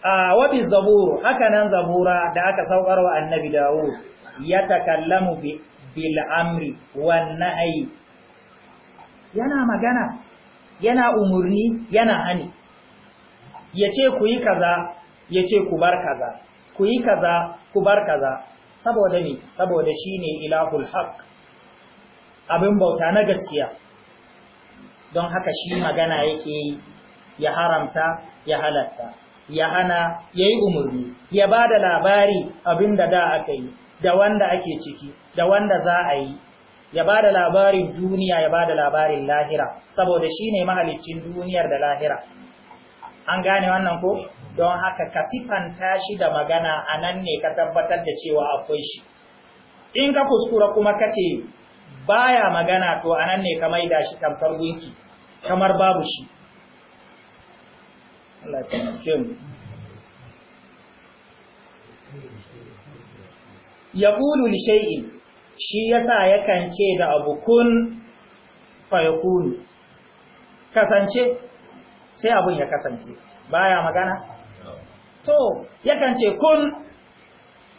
a wabi zabur haka nan zabura da aka saukarwa annabi Dawud ya takallamu bil amri wan nahyi yana magana yana umurni yana hani yace ku yi kaza yace ku bar kaza ku yi kaza ku bar kaza saboda ne saboda shine ilahul haq abin bauta na gaskiya don haka shi magana yake yi ya haramta ya halatta ya hana ya yi umarni ya ba da labari abin da da aka yi da wanda ake ciki da wanda za a yi ya ba da labarin duniya ya ba da labarin lahira saboda shi ne mahalicin duniyar da lahira an gane wannan ko don haka ka fifanta shi da magana a nan ne ka tabbatar da cewa akwai shi in ka kuskura kuma ka ce baya magana to anan ne ka maida shi tamkar gunki kamar babu shi Allah ta nake mu yaqulu li shay'in shi yasa yakan ce da abu kun fayakunu kasance sai abun ya kasance baya magana to yakan ce kun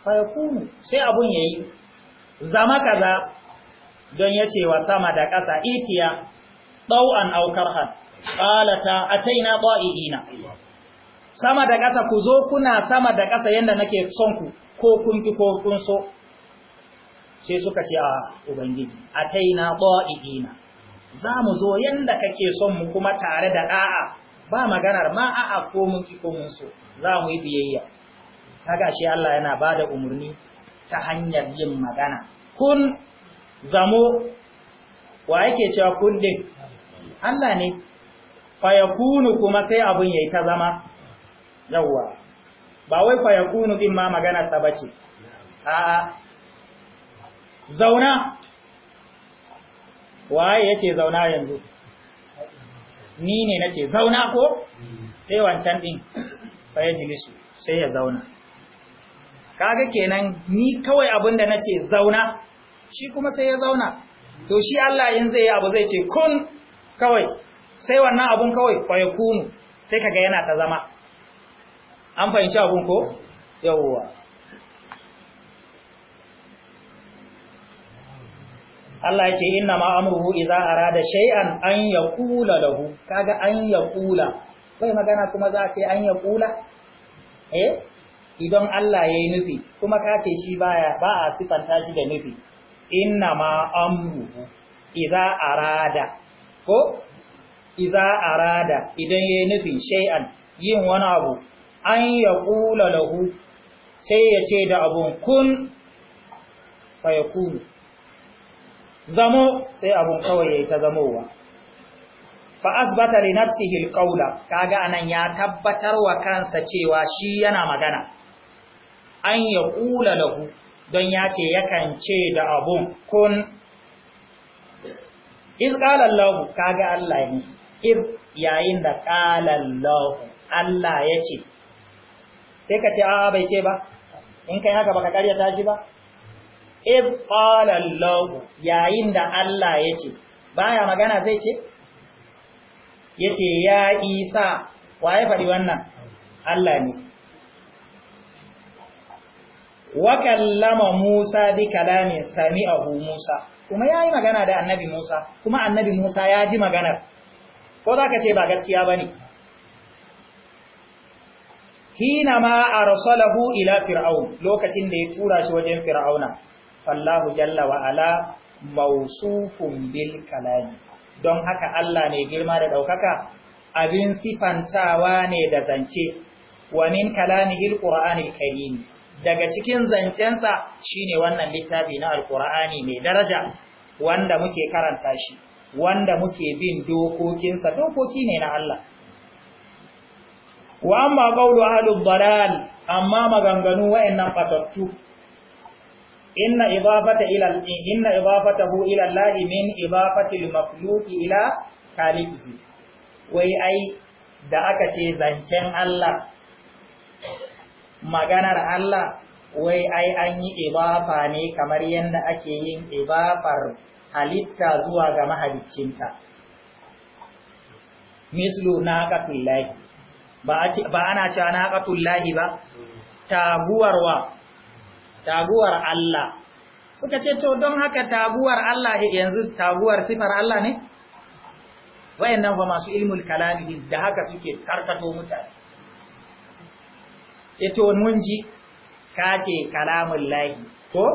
fayakunu sai abun yayi zama kaza don ya ce wa sama da ƙasa itiya ɗau'an aukar har? ƙalata a taina ƙwa'idina sama da ƙasa ku zo kuna sama da ƙasa yadda nake son ku ko kun fi ko kun so sai suka ce a ubangiji a taina ƙwa'idina za mu zo yadda kake son mu kuma tare da ɗa'a ba maganar ma a'a ko mun ko za mu yi biyayya ta gashi Allah yana ba da umarni ta hanyar yin magana kun zamo wa yake cewa kullin Allah ne fayakunu kuma sai abun yayi ta zama yawa ba wai fayakunu din ma magana ta bace a'a zauna waye yake zauna yanzu ni ne nake zauna ko sai wancan din fayajlisu sai ya zauna kaga kenan ni kawai abinda nace zauna shi kuma sai ya zauna to shi Allah in zai yi abu zai ce kun kawai sai wannan abun kawai kwaye kunu sai kaga yana ta zama an fahimci abun ko yawwa Allah ya ce inna ma amruhu idza arada shay'an an yaqula lahu kaga an yaqula kai magana kuma za a ce an yaqula eh idan Allah yayi nufi kuma ka ce shi baya ba a sifanta shi da nufi inna ma amruhu idza arada ko idza arada idan yayi nufin shay'an yin wani abu an yaqula lahu sai ya ce da abun kun yakunu zamo sai abun kawai yayi ta zamowa fa asbata li nafsihi alqawla kaga anan ya tabbatar wa kansa cewa shi yana magana an yaqula lahu don ya ce yakan ce da abun kun iz ƙalallahu kaga Allah ne iz yayin da ƙalallahu Allah ya ce sai ka ce a bai ce ba in kai haka baka karya shi ba iz yayin da Allah ya ce baya magana zai ce ya ce ya isa waye faɗi wannan Allah ne wa kallama Musa bi kalamin sami'ahu Musa kuma yayi magana da annabi Musa kuma annabi Musa ya ji maganar ko zaka ce ba gaskiya bane hina ma arsalahu ila fir'aun lokacin da ya tura shi wajen fir'auna fallahu jalla wa ala mausufun bil kalami don haka Allah ne girma da daukaka abin sifantawa ne da zance wa min kalamihi alqur'anil karim daga cikin zancensa shine wannan littafi na alkur'ani mai daraja wanda muke karanta shi wanda muke bin dokokinsa dokoki ne na Allah wa amma qawlu ahlud dalal amma maganganu wa'annan fatattu inna idafata ila inna idafatahu ila Allah min idafati al ila khaliqihi wai ai da aka ce zancen Allah maganar Allah wai ai an yi ibafa ne kamar yadda ake yin ibafar halitta zuwa ga mahaliccinta mislu naqatullahi ba ba ana cewa naqatullahi ba taguwar wa taguwar Allah suka ce to don haka taguwar Allah eh, yanzu taguwar sifar Allah ne wayannan fa masu ilmul kalami da haka suke karkato mutane E to mun ji ka ce kalamun lahi ko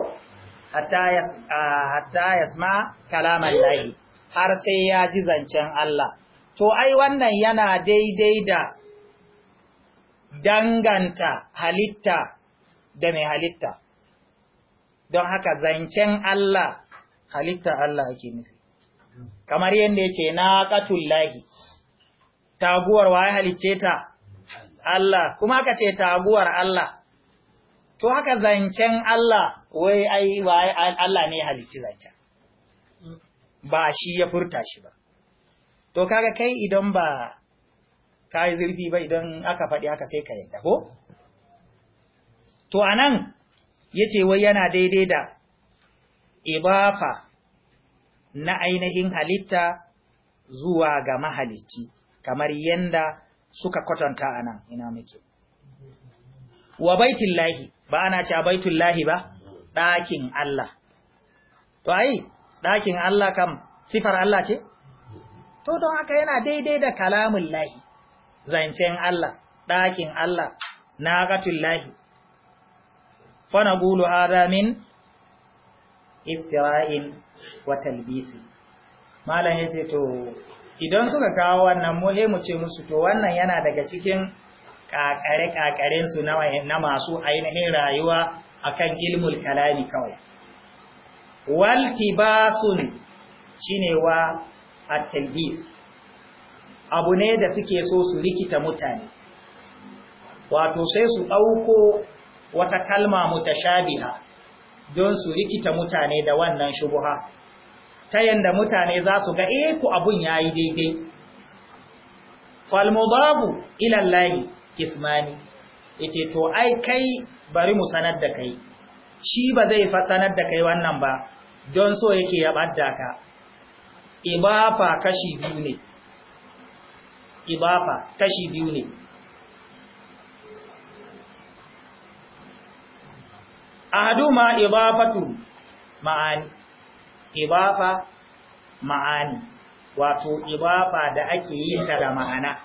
hatta sma kalamun lahi har sai ya ji zancen Allah to ai wannan yana daidai da danganta halitta da mai halitta don haka zancen Allah halitta Allah ake nufi kamar yadda yake na lahi taguwar waye halicce ta Allah kuma aka ce taguwar Allah to haka zancen Allah wai ai ba Allah ne halicci zancen ba shi ya furta shi ba to kaga kai idan ba ka yi zurfi ba idan aka faɗi haka sai ka yadda ko to a anan yace wai yana daidai da ibafa na ainihin halitta zuwa ga mahalicci kamar yanda suka kwatanta a nan ina muke wa baitullahi ba ana ce baitullahi ba ɗakin Allah to ai ɗakin Allah kam sifar Allah ce to don haka yana daidai da kalamun lahi zancen Allah ɗakin Allah naqatul lahi fa na hada adamin iftira'in wa talbisi malan yace to idan suka kawo wannan mu mu ce musu to wannan yana daga cikin kakare-kakaren su na masu ainihin rayuwa akan ilmul kalami kawai waltibasun shine cinewa at-talbis abu ne da suke so su rikita mutane wato sai su dauko wata kalma mutashabiha don su rikita mutane da wannan shubuha ta yanda mutane za su ga eku eh, ku abun yayi daidai fal mudabu ila allahi ismani yace to ai kai bari mu sanar da kai shi ba zai sanar da kai wannan ba don so yake ya badda ka ibafa kashi biyu ne ibafa kashi biyu ne ahaduma ibafatu ma'ani ibafa ma'ani wato ibafa da ake yi ta da ma'ana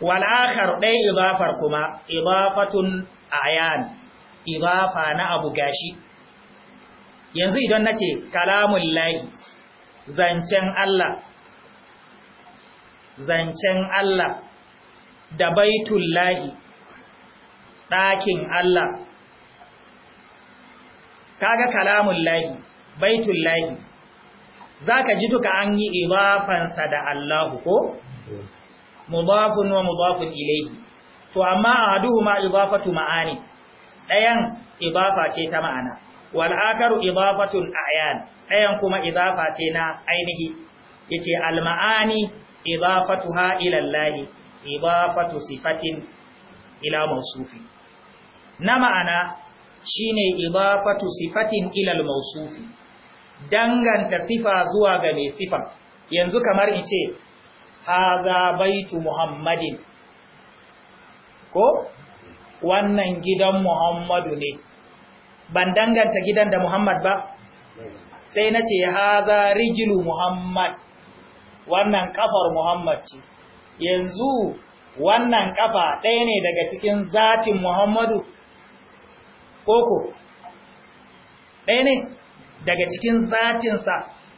wal'akar ɗaya ibafar kuma ibafatun ayan ibafa na abu gashi yanzu idan na ce kalamun layi zancen Allah zancen Allah da baitun layi ɗakin Allah kaga kalamun lahi baitun lahi za ka ji duka an yi ibafansa da Allahu ko? mudafun wa mudafun ilaihi to amma a ma idafatu ma'ani ɗayan ibafa ce ta ma'ana wal akaru ayan ɗayan kuma idafa ce na ainihi yace al ma'ani ha ila lahi, idafatu sifatin ila mausufi na ma'ana shine idafatu sifatin ilal masufi. danganta sifa zuwa ga mai sifa yanzu kamar ice haza baitu muhammadin ko wannan gidan muhammadu ne ban danganta gidan da muhammad ba sai nace ce haza muhammad wannan kafar muhammad ce yanzu wannan kafa ɗaya ne daga cikin zatin muhammadu koko ɗaya ne daga cikin zatinsa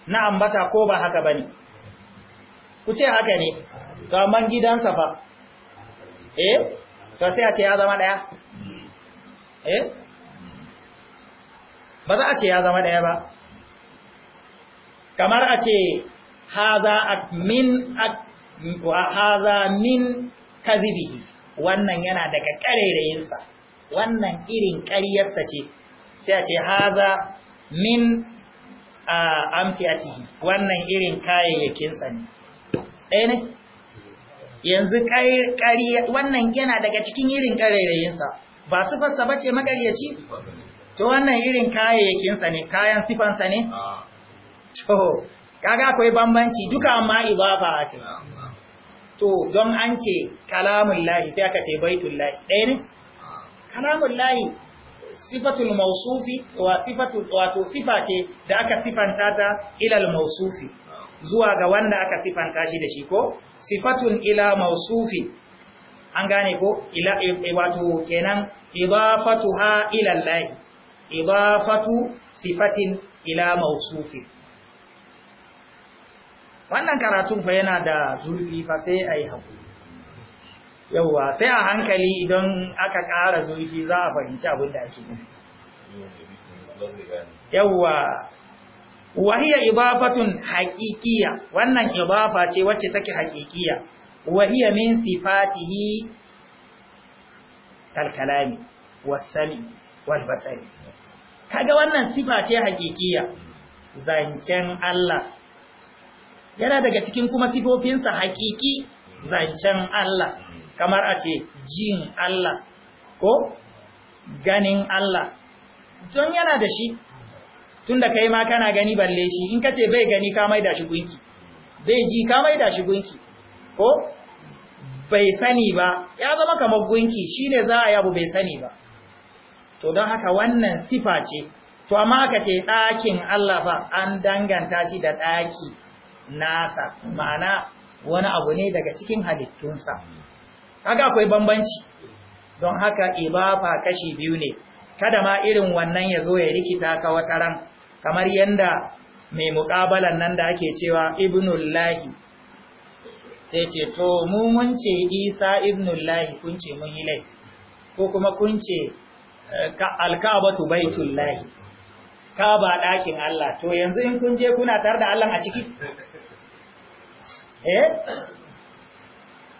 na ambata ko ba haka ba ne ku ce haka ne man gidansa fa eh to sai a ce ya zama ɗaya eh ba za a ce ya zama ɗaya ba kamar a ce haza min haza min kazibihi wannan yana daga ƙarerayinsa wannan irin ƙaryarsa ce sai ce haza min amfiyatihi wannan irin kayayyakinsa ne ɗaya ne yanzu wannan yana daga cikin irin ƙarairayinsa ba sifarsa ba ce makaryaci to wannan irin kayayyakinsa ne kayan sifansa ne ah. to kaga akwai bambanci duka amma izafa ake to don an ce kalamun lahi sai aka ce baitun lahi ɗaya ne kalamun lahi sifatul mausufi wato sifa ce da aka sifanta ta ilal mausufi zuwa ga wanda aka sifanta shi da shi ko sifatun ila mausufi an gane ko ila e, e, wato kenan idafatuha ila lahi idafatu sifatin ila mausufi wannan karatun fa yana da zurfi fa sai ai haƙuri yauwa sai a hankali idan aka ƙara zurfi za a fahimci abin da ake nufi yauwa wahiya ibafatun haƙiƙiya wannan ibafa ce wacce take haƙiƙiya wahiya min sifatihi kalkalami wasami walbasari kaga wannan sifa ce haƙiƙiya zancen Allah yana daga cikin kuma sifofinsa haƙiƙi zancen Allah kamar a ce jin Allah ko ganin Allah don yana da shi tunda kai ma kana gani balle shi in ka ce bai gani ka maida shi gunki bai ji ka maida shi gunki ko bai sani ba ya zama kamar gunki shine za a yabu bai sani ba to don haka wannan sifa ce to amma aka ce ɗakin Allah ba an danganta shi da ɗaki nasa ma'ana wani abu ne daga cikin halittunsa kaga akwai bambanci don haka ibafa kashi biyu ne kada ma irin wannan ya zo ya rikita ka wata kamar yanda mai muƙabalan nan da ake cewa ibnullahi sai ce to mu mun ce isa ibnullahi kun ce mun yi lai ko kuma kun ce eh, alka'abatu baitullahi ba ɗakin Allah to yanzu in kun je kuna tare da Allah a ciki eh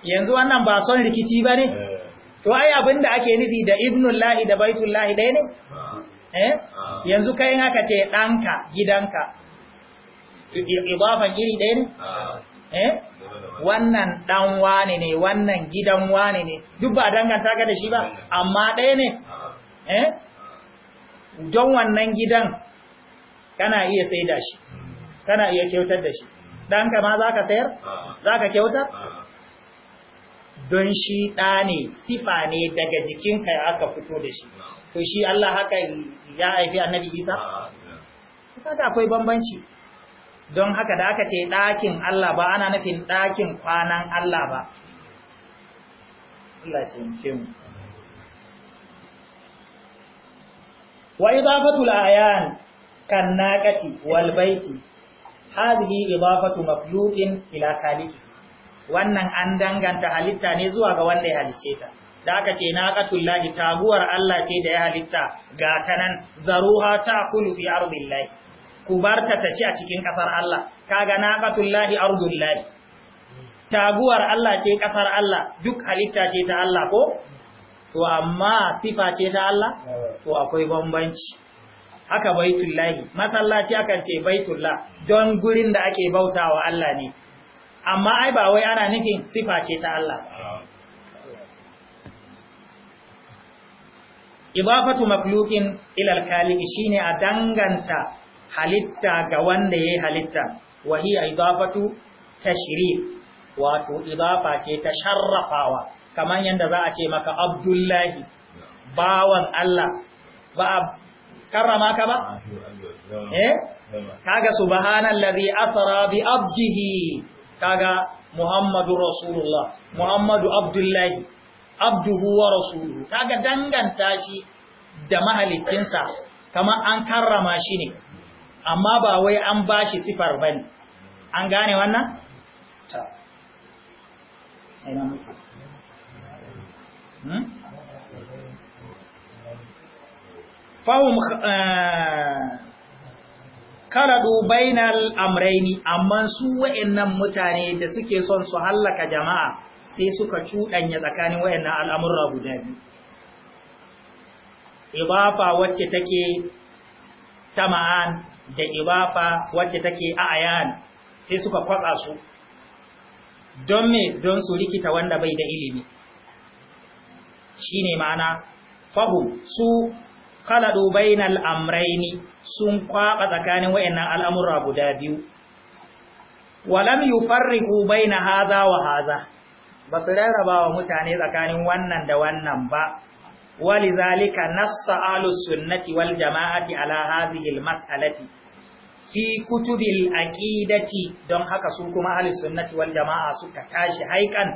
yanzu wannan ba son rikici ba ne eh. to ai abin ake nufi da lahi da baitullahi ɗaya ne ah. eh? yanzu kai haka ce ɗanka gidanka ibafan iri ɗaya ne ah. eh? wannan ɗan wane ne wannan gidan wane ne duk ba danganta ka da shi ba amma ɗaya ne ah. don wannan gidan kana iya sai da shi hmm. kana iya kyautar da shi ɗanka ma za ka sayar za ka kyautar don shi ɗa ne sifa ne daga jikinka aka fito da shi to shi Allah haka ya haifi annabi isa kaga akwai bambanci don haka da aka ce ɗakin Allah ba ana nufin ɗakin kwanan Allah ba Allah ce mu wa idafatul ayan kan naqati wal baiti hadhihi idafatu mafluqin ila khaliqi wannan an danganta halitta ne zuwa ga wanda ya halicce ta da aka ce na Tullahi taguwar Allah ce da ya halitta ga ta nan zaruha ta Kulu fi ardillahi barta ta ci a cikin kasar Allah kaga katullahi ardullahi taguwar Allah ce kasar Allah duk halitta ce ta Allah ko to amma sifa ce ta Allah to akwai bambanci haka baitullahi masallaci akan ce baitullah don gurin da ake bautawa Allah ne amma ai ba wai ana nufin sifa ce ta Allah idafatu makhluqin ila al-khaliq shine a danganta halitta ga wanda yayi halitta wa hi idafatu tashrif wato idafa ce ta sharrafawa kamar yanda za a ce maka abdullahi bawan Allah ba a karrama ka ba eh kaga subhanallazi asra bi abdihi kaga Muhammadu Rasulullah Muhammadu Abdullahi abduhu wa rasuluhu kaga danganta shi da mahalicinsa kamar an karrama shi ne amma ba wai an bashi sifar bane an gane wannan ta kaladu bainal amraini amma su wa'annan mutane da suke son su hallaka jama'a sai suka cuɗanya tsakanin wa'annan al'amurra guda biyu ibafa wacce take tama'an da ibafa wacce take a'ayan sai suka kwatsa su don me don su rikita wanda bai da ilimi shine ma'ana fahu su khaladu bainal amraini sun kwaba tsakanin wayannan al'amura guda biyu walam yufarriqu baina hadha wa hadha basu rarraba wa mutane tsakanin wannan da wannan ba walizalika nassa ahlus sunnati wal jama'ati ala hadhihi al mas'alati fi kutubil aqidati don haka su kuma ahlus sunnati wal jama'a suka tashi haikan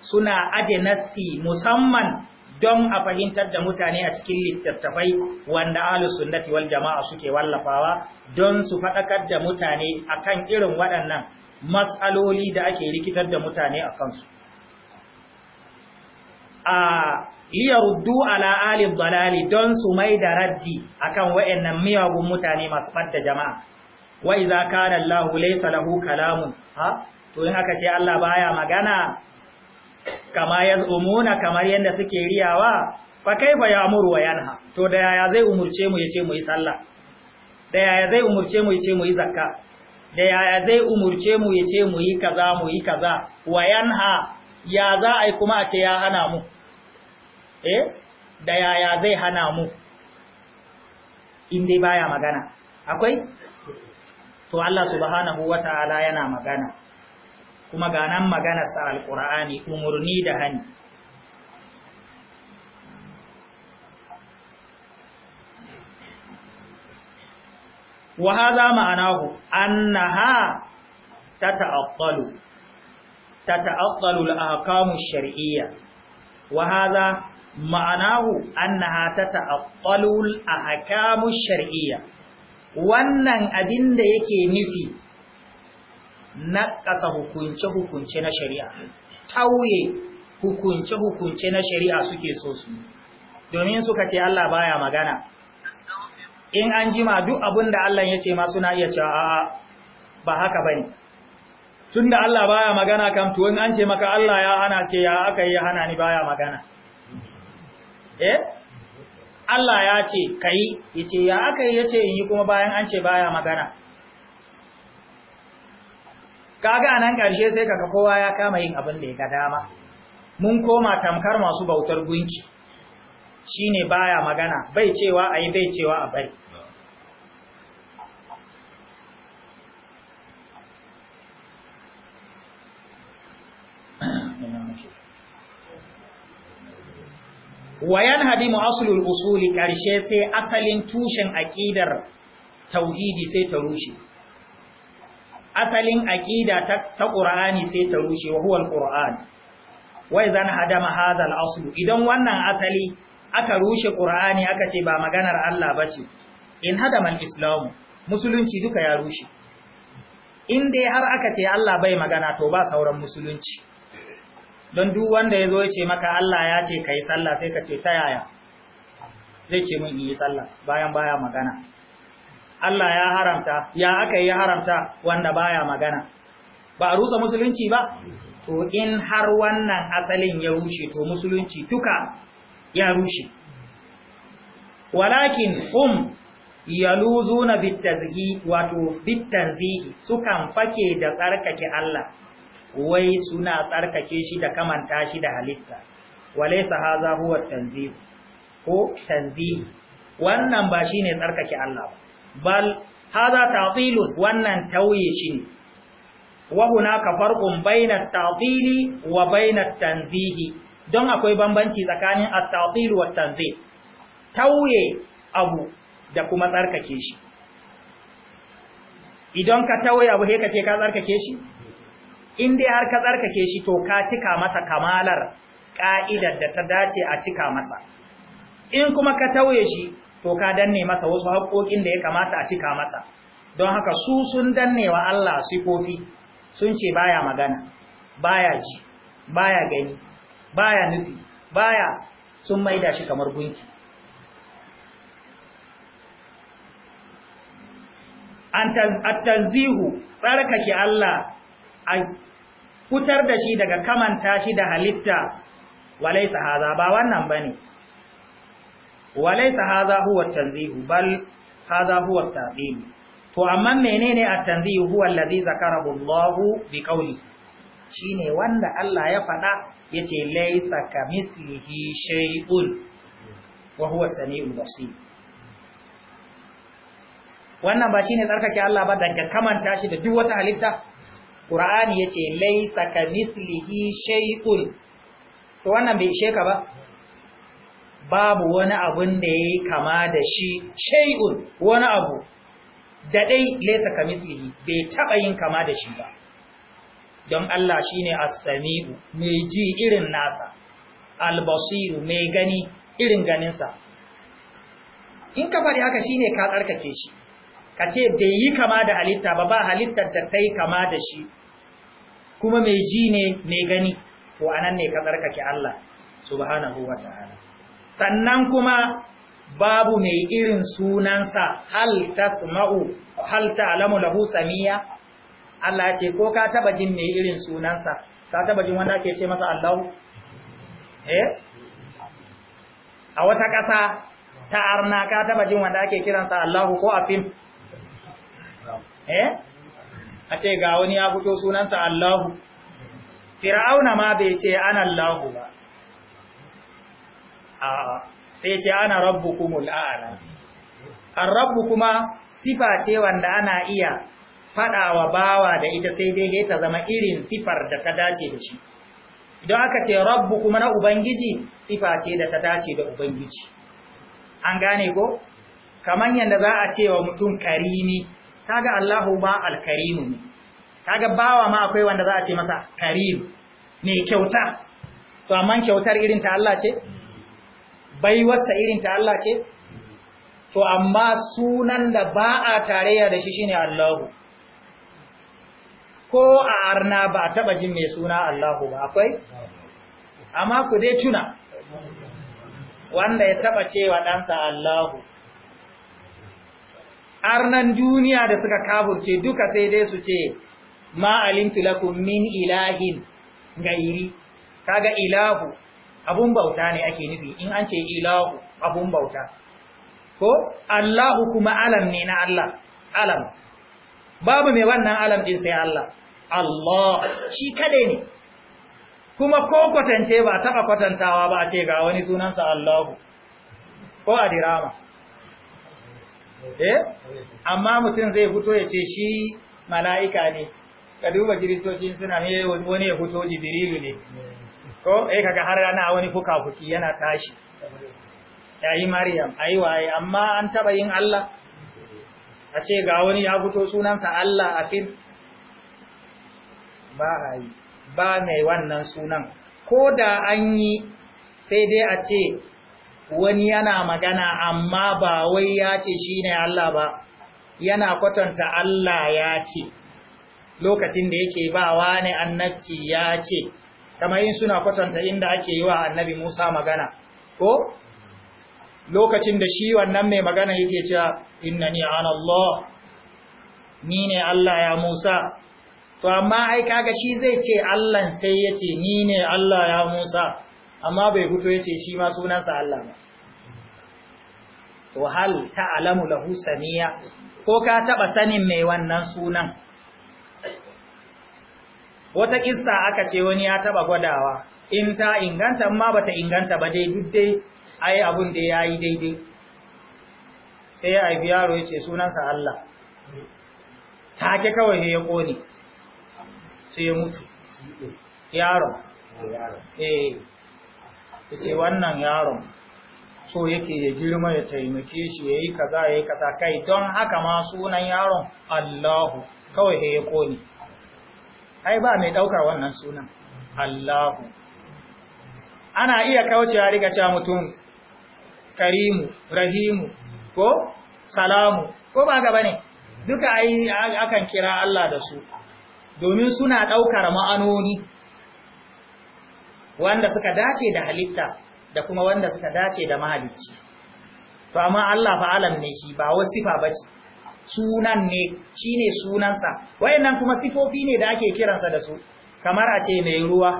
suna aje nassi musamman don a fahimtar da mutane a cikin littattafai wanda alu sunnati wal jama'a suke wallafawa don su faɗakar da mutane akan irin waɗannan mas'aloli da ake rikitar da mutane a kansu a Ruddu ala alil dalali don su mai da raddi akan wa'annan miyagun mutane masu fadda jama'a wa idza kana Allah laysa lahu kalamun ha to in aka ce Allah baya magana kama yaz'umuna kamar yadda suke riyawa fa kaifa ya'muru wa yanha to da yaya zai umurce mu yace mu yi sallah da yaya zai umurce mu yace mu yi zakka da yaya zai umurce mu yace mu yi kaza mu yi kaza wa yanha ya za ai kuma a ce ya hana mu eh da yaya zai hana mu in baya magana akwai to Allah subhanahu wataala yana magana kuma ga nan maganarsa alkur'ani umarni da hani wa haza ma'anahu annaha tata'attalu tata'attalu al-ahkamu ash-shar'iyya wa haza ma'anahu annaha tata'attalu al-ahkamu ash-shar'iyya wannan abinda yake nufi Na ƙasa hukunce-hukunce na shari'a tauye hukunce-hukunce na shari'a suke so su domin suka ce Allah baya magana in an jima duk abin da Allah ya ce ma suna iya cewa a ba haka bane tunda Allah baya magana kam tuwon an ce maka Allah ya hana ce ya aka yi hana ni baya magana eh Allah ya ce ka yi, ya aka yi ce in yi kuma bayan an ce baya magana kaga nan ƙarshe sai kaga kowa ya kama yin abin da ya ga dama mun koma tamkar masu bautar gunki shine baya magana bai cewa a yi bai cewa a bari wayan hadimu asulul usuli ƙarshe sai asalin tushen aƙidar tauhidi sai ta rushe asalin aqida ta Qur'ani sai ta rushe wa huwal Qur'an wa idan hadama hadha al idan wannan asali aka rushe Qur'ani aka ce ba maganar Allah bace in hadama al-islam musulunci duka ya rushe in dai har aka ce Allah bai magana to ba sauran musulunci don duk wanda yazo ya ce maka Allah ya ce kai sallah sai ka ce ta zai ce mun yi sallah bayan baya magana Allah ya haramta ya aka yi haramta wanda baya magana ba a rusa musulunci ba to in har wannan asalin ya rushe to musulunci duka ya rushe walakin hum yaluzuna bitazhi wato bitanzihi sukan fake da tsarkake Allah wai suna tsarkake shi da kamanta shi da halitta walaysa hadha huwa tanzih ko tanzih wannan ba shine tsarkake Allah ba bal haza تعطيل wannan tauye shi ne بين التعطيل وبين التنزيه دون wa baina tanzihi don akwai bambanci tsakanin tauye abu da kuma tsarkake shi idan ka tauye abu sai ce ka tsarkake shi in dai har ka tsarkake shi to ka cika masa kamalar ka'idar da ta dace a cika masa in kuma ka tauye shi to ka danne masa wasu haƙoƙin da ya kamata a cika masa don haka su sun danne wa Allah sifofi sun ce baya magana baya ji baya gani baya nufi baya sun maida shi kamar gunki at-tanzihu tsarkake Allah a fitar da shi daga kamanta shi da halitta walaita haza ba wannan bane walaysa hadha huwa tanzihu bal hadha huwa ta'zim to amma menene at-tanzihu huwa alladhi zakarahu Allah bi qawli shine wanda Allah ya faɗa yace laisa kamislihi shay'un wa huwa samiul basir wannan ba shine tsarkake Allah ba daga kamanta shi da duk wata halitta Qur'ani yace laisa kamislihi shay'un to wannan bai isheka ba babu wani abun da yayi kama da shi shay'un wani abu da dai laysa kamisihi bai taba yin kama da shi ba don Allah shine as-sami'u mai ji irin nasa al-basiru mai gani irin ganinsa in ka faɗi haka shine ka tsarkake shi ka ce bai yi kama da halitta ba ba halittar da kai kama da shi kuma mai ji ne mai gani ko anan ne ka tsarkake Allah subhanahu wa ta'ala sannan kuma babu mai irin sunansa hal tasma'u hal ta'lamu lahu samiya Allah ya ce ko ka taba jin mai irin sunansa ka taba jin wanda ake ce masa Allah eh a wata ƙasa ta arna ka taba jin wanda ake kiransa Allah ko afim eh a ce ga wani ya fito sunansa Allah fir'auna ma bai ce ana Allah ba sai ce ana kuma la'ana an rabbu kuma sifa ce wanda ana iya fada bawa da ita sai dai ta zama irin sifar da ta dace da shi idan aka ce rabbu kuma na ubangiji sifa ce da ta dace da ubangiji an gane ko kaman yanda za a ce wa mutum karimi kaga Allahu ba al ne kaga bawa ma akwai wanda za a ce masa karim mai kyauta to amma kyautar irin ta Allah ce baiwarsa irin ta Allah ce to amma sunan da ba a tarayya da shi shine Allahu ko a arna ba a taba jin mai suna Allahu ba akwai amma ku dai tuna wanda ya taba wa ɗansa Allahu arnan duniya da suka kafurce duka sai dai su ce ma'alin alimtu min ilahin gairi kaga ilahu abun bauta ne ake nufi in an ce ilahu abun bauta ko Allahu kuma alam ne na Allah alam babu mai wannan alam din sai Allah Allah shi kadai ne kuma ko kwatance ba taba kwatantawa ba a ce ga wani sunansa Allahu ko a dirama eh amma mutum zai fito ya ce shi mala'ika ne ka duba kiristocin suna ne eh, wani ya fito jibrilu ne ko eh kaga har ana wani fuka-fuki yana tashi yayi maryam ai waye amma an taba yin Allah a ce ga wani ya fito sunansa Allah a fil ba a ba mai wannan sunan ko da an yi sai dai a ce wani yana magana amma ba wai ya ce shi ne Allah ba yana kwatanta Allah ya ce lokacin da yake ba wani annabci ya ce kamar yin suna kwatanta inda ake yi wa annabi Musa magana ko lokacin da shi wannan mai magana yake cewa ni ana Allah ni ne Allah ya Musa to amma ai kaga shi zai ce Allah sai ya ce ni ne Allah ya Musa amma bai fito ya ce shi ma sunansa Allah ba to hal ta'lamu lahu samiya ko ka taɓa sanin mai wannan sunan wata kissa aka ce wani ya taba gwadawa in ta inganta amma bata inganta ba dai duk dai ai abun da yayi daidai sai ya aibi yaro yace sunansa Allah take kawai ya kone sai ya mutu yaron eh yace wannan yaron so yake ya girma ya taimake shi yayi kaza yayi kaza kai don haka ma sunan yaron Allahu kawai ya kone ai ba mai ɗaukar wannan sunan Allahu ana iya kaucewa riga cewa mutum karimu rahimu ko salamu ko ba gaba ne duka ai akan kira Allah da su domin suna ɗaukar ma'anoni wanda suka dace da halitta da kuma wanda suka dace da mahalicci to amma Allah fa'alam ne shi ba wasifa bace sunan ne shine sunansa wayannan kuma sifofi ne da ake kiransa da su kamar a ce mai ruwa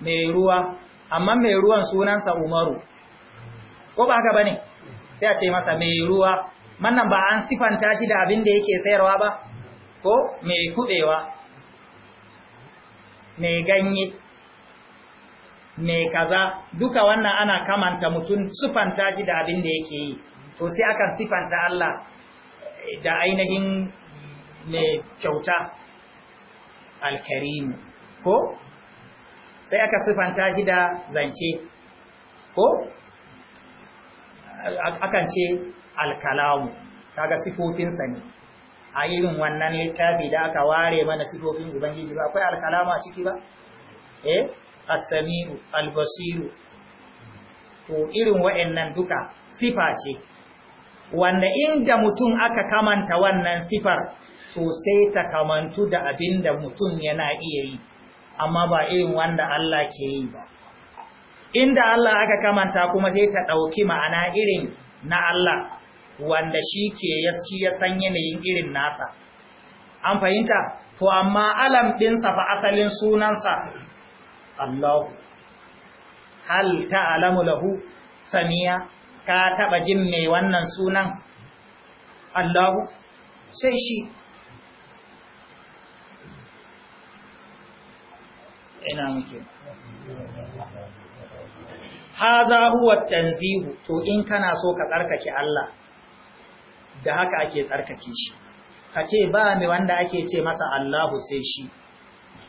mai ruwa amma mai ruwan sunansa Umaru ko ba haka bane sai a ce masa mai ruwa mannan ba an sifanta shi da abin da yake sayarwa ba ko mai kuɗewa? mai ganye mai kaza duka wannan ana kamanta mutum sufanta shi da abin da yake yi to sai akan sifanta Allah da ainihin mai kyauta alkarim ko sai aka sifanta shi da zance ko akan ce alkalamu kaga sifofinsa ne a irin wannan littafi da aka ware mana sifofin ubangiji ba akwai alkalamu a ciki ba eh asami albasiru al-basiru to irin wa'annan duka sifa ce wanda inda mutum aka kamanta wannan sifar sosai sai ta kamantu da abinda mutum yana iya yi amma ba irin wanda Allah ke yi ba inda Allah aka kamanta kuma sai ta ɗauki ma'ana irin na Allah wanda shi ke ya san yanayin irin nasa an fahimta to amma alam ɗinsa fa asalin sunansa Allah hal ta'alamu lahu samiya ka taɓa jin mai wannan sunan Allahu sai shi ina muke haza huwa tanzihu to in kana so ka tsarkake Allah da haka ake tsarkake shi ka ce ba mai wanda ake ce masa Allahu sai shi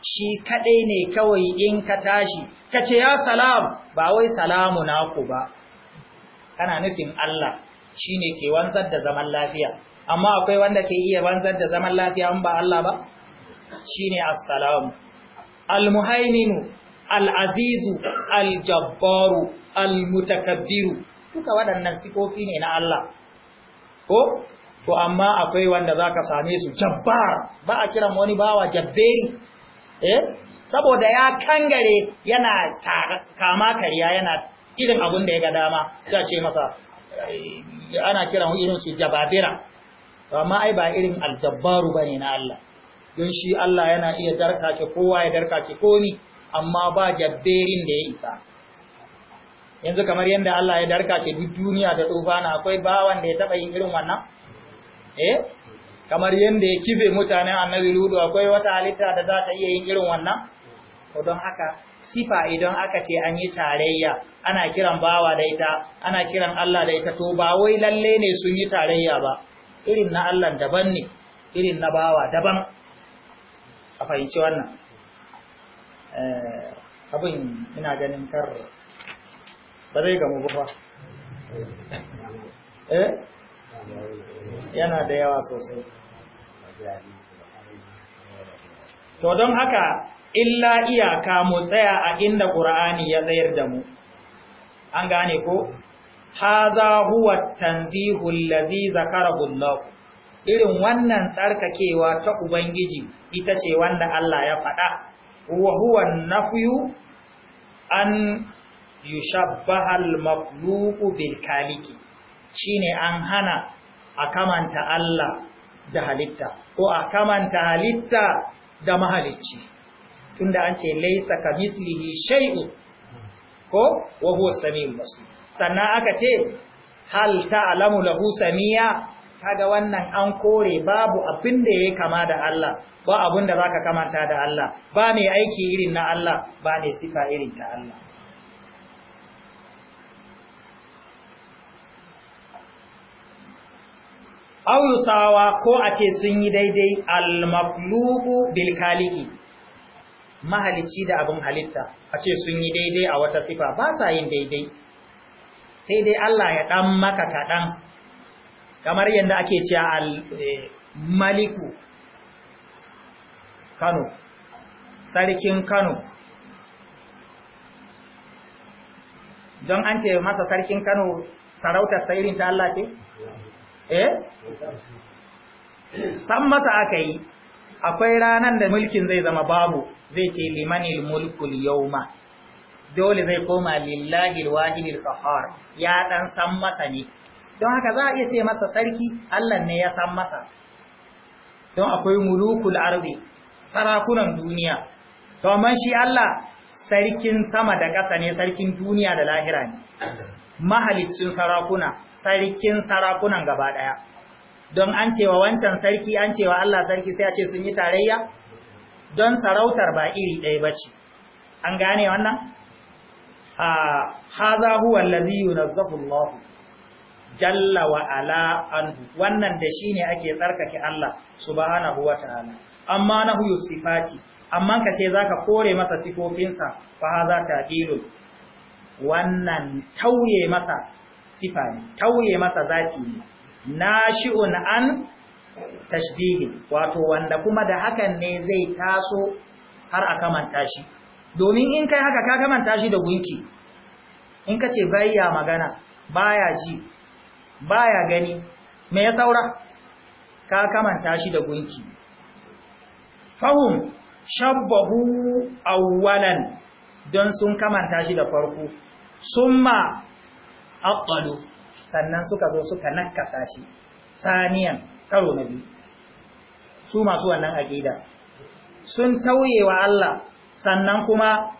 shi kadai ne kawai in ka tashi ka ce ya salam ba wai salamu naku ba kana nufin Allah shi ne ke wanzar da zaman lafiya amma akwai wanda ke iya wanzar da zaman lafiya in ba Allah ba Shi ne assalamu almuhaiminu alazizu aljabbaru almutakabbiru duka waɗannan sikofi ne na Allah ko to amma akwai wanda za ka same su jabbar ba a kiran wani bawa jabberi eh saboda ya kangare yana kama kariya yana irin abin da ya ga dama sai ce masa ana kiran irin su jababira amma ai ba irin aljabbaru bane na Allah don shi Allah yana iya darka ki kowa ya darka ki komi amma ba jabberin da ya isa yanzu kamar yadda Allah ya darka ki duk duniya da tsofana akwai bawan da ya taba yin irin wannan eh kamar yadda ya kife mutanen annabi ludo akwai wata halitta da za ta iya yin irin wannan ko don haka sifa idan aka ce an yi tarayya ana kiran bawa da ita ana kiran Allah da ita to ba wai lalle ne sun yi tarayya ba irin na Allah daban ne irin na bawa daban a fahimci wannan eh, abin ina ganin kar ba zai gamu ba eh yana da yawa sosai to don haka illa iyaka mu tsaya a inda ƙura'ani ya tsayar da mu an gane ko haza huwa tanzihu allazi zakarahu Allah irin wannan tsarkakewa ta ubangiji ita ce wanda Allah ya faɗa wa huwa nafyu an yushabbaha al-makhluqu bil kaliki shine an hana a kamanta Allah da halitta ko a kamanta halitta da mahalicci tunda an ce laisa kamislihi shay'u ko wa huwa samiul basir sannan aka ce hal ta'lamu lahu samia kaga wannan an kore babu abin da yake kama da Allah ba abin da zaka kamanta da Allah ba mai aiki irin na Allah ba ne sifa irin ta Allah aw yusawa ko a ce sun yi daidai al-maqlubu bil khaliqi mahalicci da abin halitta a ce sun yi daidai a wata sifa ba sa yin daidai sai dai Allah ya ɗan maka kaɗan kamar yadda ake ce al-maliku eh, kano sarkin kano don an ce masa sarkin kano sarautar sairin ta Allah ce? eh? san masa aka yi akwai ranar da mulkin zai zama babu zai ce limanil mulkul yauma dole zai koma lillahi alwahidil qahar ya dan san masa ne don haka za a iya ce masa sarki Allah ne ya san masa don akwai mulukul ardi sarakunan duniya to amma shi Allah sarkin sama da ƙasa ne sarkin duniya da lahira ne mahalicin sarakuna sarkin sarakunan gaba daya don an cewa wancan sarki an cewa Allah sarki sai a ce sun yi tarayya don sarautar ba iri ɗaya ba ce an gane wannan a haza huwa na yunazzahu Allah jalla wa wannan da shi ne ake tsarkake Allah su ba hana huwa ta hana. amma na huyu Sifati. amma ce za ka kore masa sifofinsa fa haza ta'dilun wannan tauye masa Sifani. tauye masa zati ne nashi'un an tashbihin wato wanda kuma da hakan ne zai taso har a kamanta shi domin in kai haka ka kamanta shi da gunki in ka ce bayya magana baya ji baya gani me ya saura ka kamanta shi da gunki fahum shabbahu awwalan don sun kamanta shi da farko summa aqalu sannan suka zo suka nakkata shi saniyan karo na biyu su masu wannan aƙida sun tauye wa Allah sannan kuma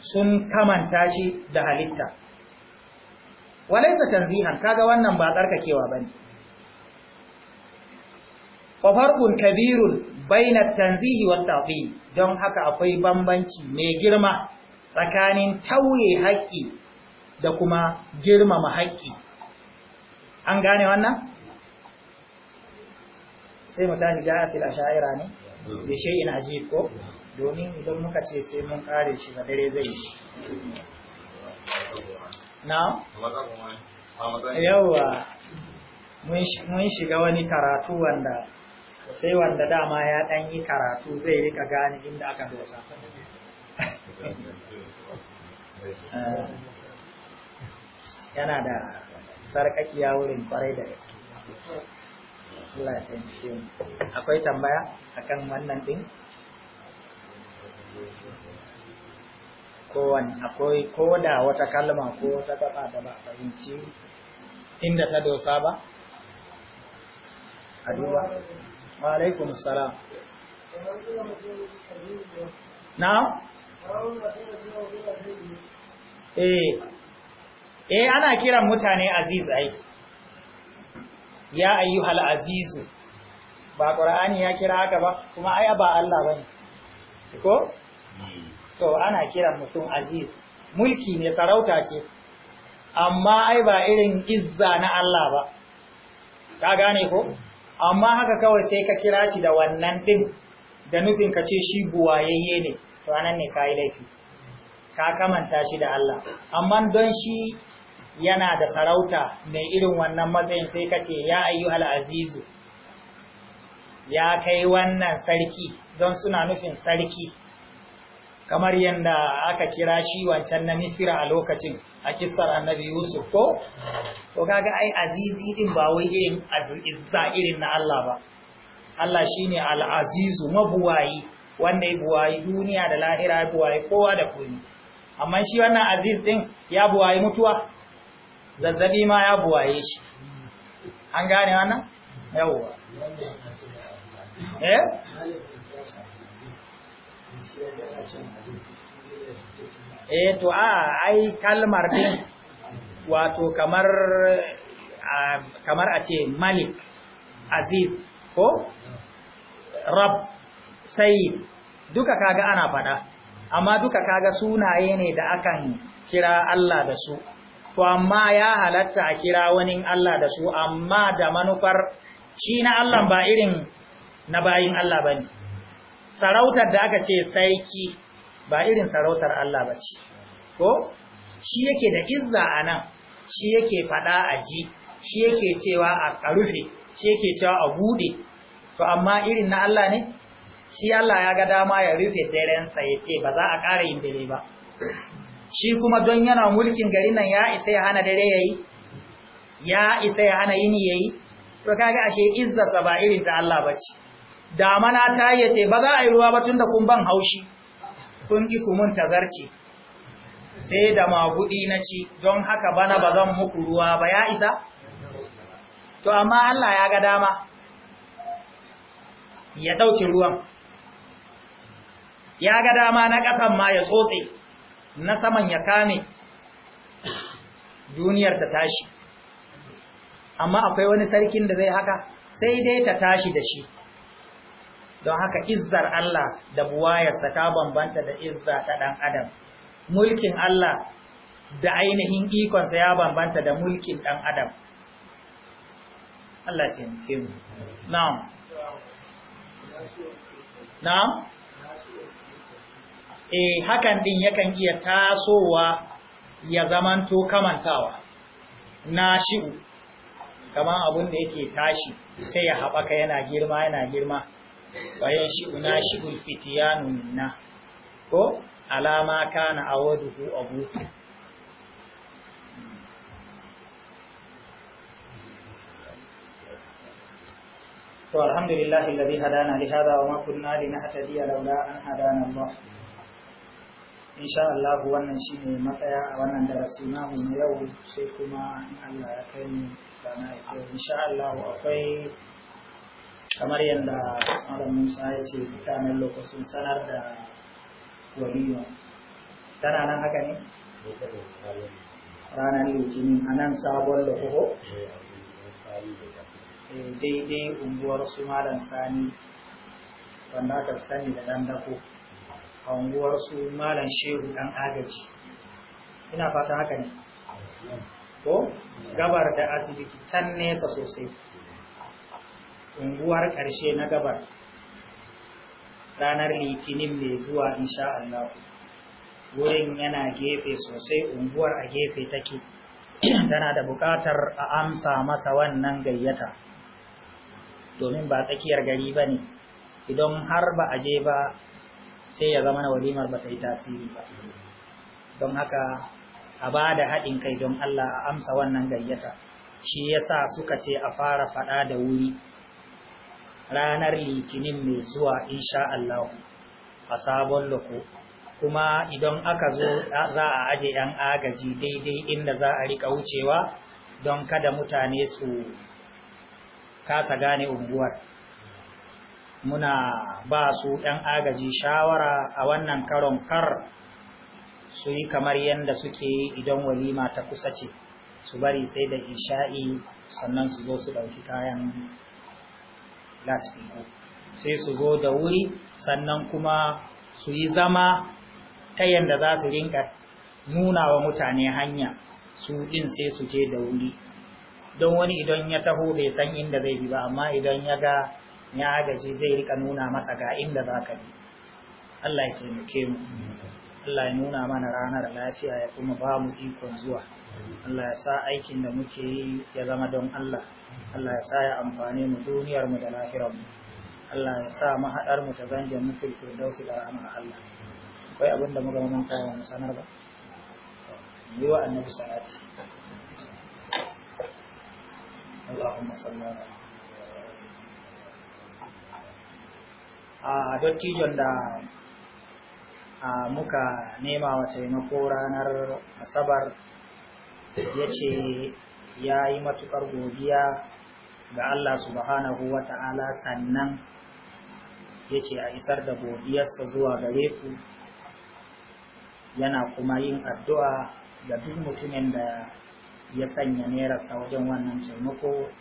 sun kamanta shi da halitta walaita tanzihan kaga wannan ba tsarkakewa bane fa farqun kabirun baina tanzihi wa ta'dil don haka akwai bambanci mai girma tsakanin tauye haƙƙi da kuma girmama haƙƙi an gane wannan sai mu tashi ja'atil asha'ira ne bi shay'in ajib ko domin idan muka ce sai mun kare shi da dare zai yi na yawa mun shiga wani karatu wanda sai wanda dama ya dan yi karatu zai rika gane inda aka dosa (laughs) eh. yana da sarƙaƙiya wurin kwarai da gaske akwai tambaya akan wannan din kowane akwai ko da wata kalma ko wata gaba da ba fahimci inda ta dosa ba a wa alaikum salam na eh eh ana kiran mutane aziz ai ya ayyu azizu ba ƙura'ani ya kira haka ba kuma ai ba Allah ba ne ko? to ana kiran mutum aziz mulki ne sarauta ce amma ai ba irin izza na Allah ba ka gane ko? amma haka kawai sai ka kira shi da wannan ɗin da nufin ka ce shi buwayayye ne to anan ne ka yi laifi ka kamanta shi da Allah amma don shi yana da sarauta mai irin wannan matsayin sai ka ce ya ayyu al'azizu. ya kai wannan sarki don suna nufin sarki kamar yadda aka kira shi wancan na misira a lokacin a kisar annabi yusuf ko ko kaga ai azizi din ba wai irin azizza irin na Allah ba Allah shine ne al’azizu mabuwayi wanda ya buwayi duniya da lahira ya buwayi kowa da kuni amma shi wannan aziz din ya buwayi mutuwa zazzabi ma ya buwaye shi an gane wannan yawwa eh eh to a ai kalmar din wato kamar kamar a ce malik aziz ko rab sayyid duka kaga ana fada amma duka kaga sunaye ne da akan kira Allah da su to amma ya halatta a kira wani Allah da su amma da manufar shi na Allah ba irin na bayin Allah ba ne sarautar da aka ce saiki ba irin sarautar Allah ba ce ko shi yake da izza a nan shi yake fada a ji shi yake cewa a rufe shi yake cewa a bude to amma irin na Allah ne shi Allah ya ga dama ya rufe derensa ya ce ba za a ƙara yin dare ba shi kuma don yana mulkin gari nan ya isa ya hana dare yayi ya isa ya hana yini yayi to kaga ashe izzata ba irin ta Allah bace da mana ta yace ba za a yi ruwa ba tunda kun ban haushi kun ki kumun tazarci sai da magudi na ci don haka bana ba zan muku ruwa ba ya isa to amma Allah ya ga dama ya dauke ruwan ya ga dama na kasan ma ya tsotse na saman ya kame duniyar ta tashi amma akwai wani sarkin da zai haka sai dai ta tashi da shi don haka izzar Allah da buwayarsa ta bambanta da izza ta ɗan adam mulkin Allah da ainihin ikonsa ya bambanta da mulkin ɗan adam Allah taimake mu na'am na'am eh hakan din yakan iya tasowa ya zamanto kamantawa na shi'u kamar abun da yake tashi sai ya haɓaka yana girma yana girma bayan shi'u na shi'ul fitiyanun na ko alama kana awaduhu abu والحمد لله الذي هدانا لهذا وما كنا لنهتدي لولا أن هدانا الله insha Allah wannan shine matsaya a wannan darasi na mu yau sai kuma in Allah ya kai mu rana insha Allah akwai kamar yadda Malam Musa ya ce mutanen lokacin sanar da walima tana nan haka ne ranar litinin a nan sabon lokoko eh, daidai unguwar su Malam Sani wanda aka sani da dan dako a unguwar su malam shehu dan agaji ina fata haka ne ko gabar da asibiti can nesa sosai unguwar ƙarshe na gabar ranar litinin ne zuwa insha Allah wurin yana gefe sosai unguwar a gefe take (clears throat) tana da buƙatar a amsa masa wannan gayyata domin ba tsakiyar gari ba ne idan har ba a je ba sai ya zama na walimar ba ta yi tasiri ba don haka a ba da haɗin kai don Allah a amsa wannan gayyata shi ya sa suka ce a fara faɗa da wuri ranar litinin mai zuwa insha Allah a sabon loko kuma idan aka zo za a aje yan agaji daidai inda za a riƙa wucewa don kada mutane su kasa gane unguwar muna ba su ‘yan agaji shawara a wannan karon kar su yi kamar yadda suke idan walima ta kusa ce su bari sai da isha'i sannan su zo su ɗauki kayan lasfiko sai su zo da wuri sannan kuma su yi zama ta yadda za su rinka nuna wa mutane hanya su ɗin sai su je da wuri don wani idan ya taho bai san inda zai bi ba amma idan ya ga ya gaji zai rika nuna masa ga inda za ka bi Allah ya taimake mu Allah ya nuna mana ranar lafiya ya kuma ba mu ikon zuwa Allah ya sa aikin da muke yi ya zama don Allah Allah ya sa ya amfane mu duniyar mu da lafiyar mu Allah ya sa mahaɗar mu ta zanje mu firfir dausi da rahmar Allah akwai abin da muka mun kawo mu sanar ba yi wa annabi salati اللهم صل a dottijon da a muka nema wa taimako ranar asabar ya ce ya yi matuƙar godiya ga Allah subhanahu wa ta'ala sannan ya ce a isar da godiyarsa zuwa gare ku yana kuma yin addu'a ga duk mutumin da ya sanya nerarsa wajen wannan taimako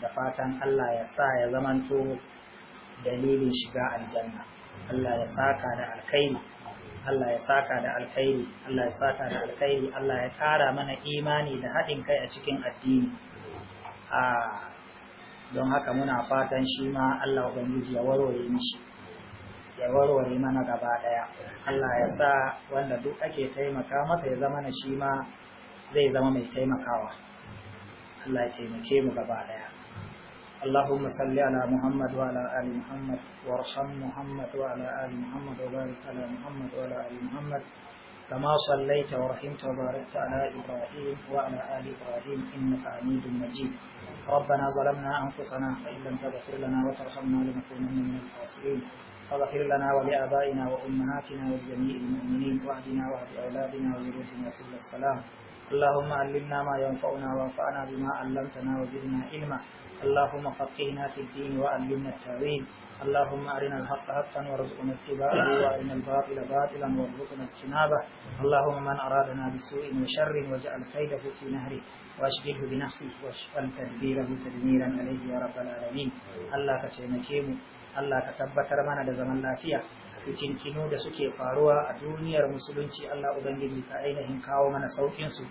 da fatan Allah ya sa ya zamanto dalilin shiga aljanna Allah ya saka da alkhairi Allah ya saka da alkhairi Allah ya saka da alkhairi Allah ya kara mana imani da haɗin kai a cikin addini a don haka muna fatan shi ma Allah ubangiji ya warware mishi ya warware mana gaba daya Allah ya sa wanda duk ake taimaka masa ya zama na shi ma zai zama mai taimakawa Allah ya taimake mu gaba daya اللهم صل على محمد وعلى آل محمد وارحم محمد وعلى آل محمد وبارك على محمد وعلى آل محمد كما صليت ورحمت وباركت على إبراهيم وعلى آل إبراهيم إنك حميد مجيد ربنا ظلمنا أنفسنا فإن لم تغفر لنا وترحمنا لنكونن من الخاسرين فاغفر لنا ولآبائنا وأمهاتنا ولجميع المؤمنين واهدنا واهد أولادنا وذريتنا سبل السلام اللهم علمنا ما ينفعنا وانفعنا بما علمتنا وزدنا علما اللهم فقهنا في الدين وعلمنا التاويل اللهم أرنا الحق حقا وارزقنا اتباعه وأرنا الباطل باطلا وارزقنا اجتنابه اللهم من أرادنا بسوء وشر واجعل كيده في نهره واشغله بنفسه واشغل تدبيره تدميرا عليه يا رب العالمين الله كتيمكي mu Allah ka tabbatar mana da zaman lafiya cincino da suke faruwa a duniyar musulunci Allah ubangiji ka ainihin kawo mana saukin su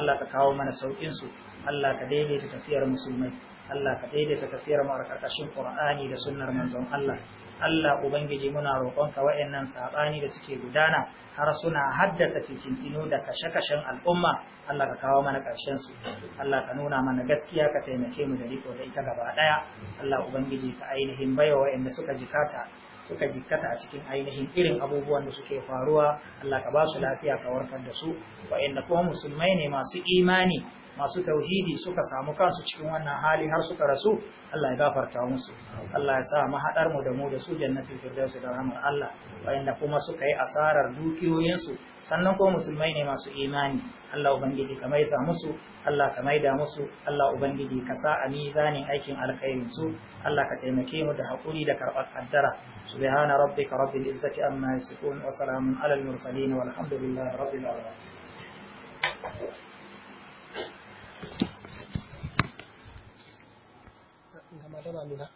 Allah ka kawo mana saukin su Allah ka daidaita tafiyar musulmai Allah ka daidaita tafiyar mu a ƙarƙashin Qur'ani da sunnar manzon Allah Allah Ubangiji muna ka wa'yannan saɓani da suke gudana har suna haddasa fitintino da kashe-kashen al'umma Allah ka kawo mana su. Allah ka nuna mana gaskiya ka taimake mu da riko da ita gaba ɗaya Allah Ubangiji ka ainihin baiwa wa'yanda suka jikata suka jikkata a cikin ainihin irin abubuwan da suke faruwa Allah ka ba su lafiya ka warkar da su wa'yanda kuma musulmai ne masu imani masu tauhidi suka samu kansu cikin wannan hali har suka rasu Allah ya gafarta musu Allah ya sa hadar mu da mu da su jannatin firdausi da rahmar Allah wayanda kuma suka yi asarar dukiyoyinsu sannan ko musulmai ne masu imani Allah ubangiji ka maida musu Allah ka maida musu Allah ubangiji ka sa a mizanin aikin alkhairin su Allah ka taimake mu da hakuri da karɓar kaddara subhana rabbika rabbil izzati amma yasifun wa salamun alal mursalin walhamdulillahi rabbil alamin 那能行吗？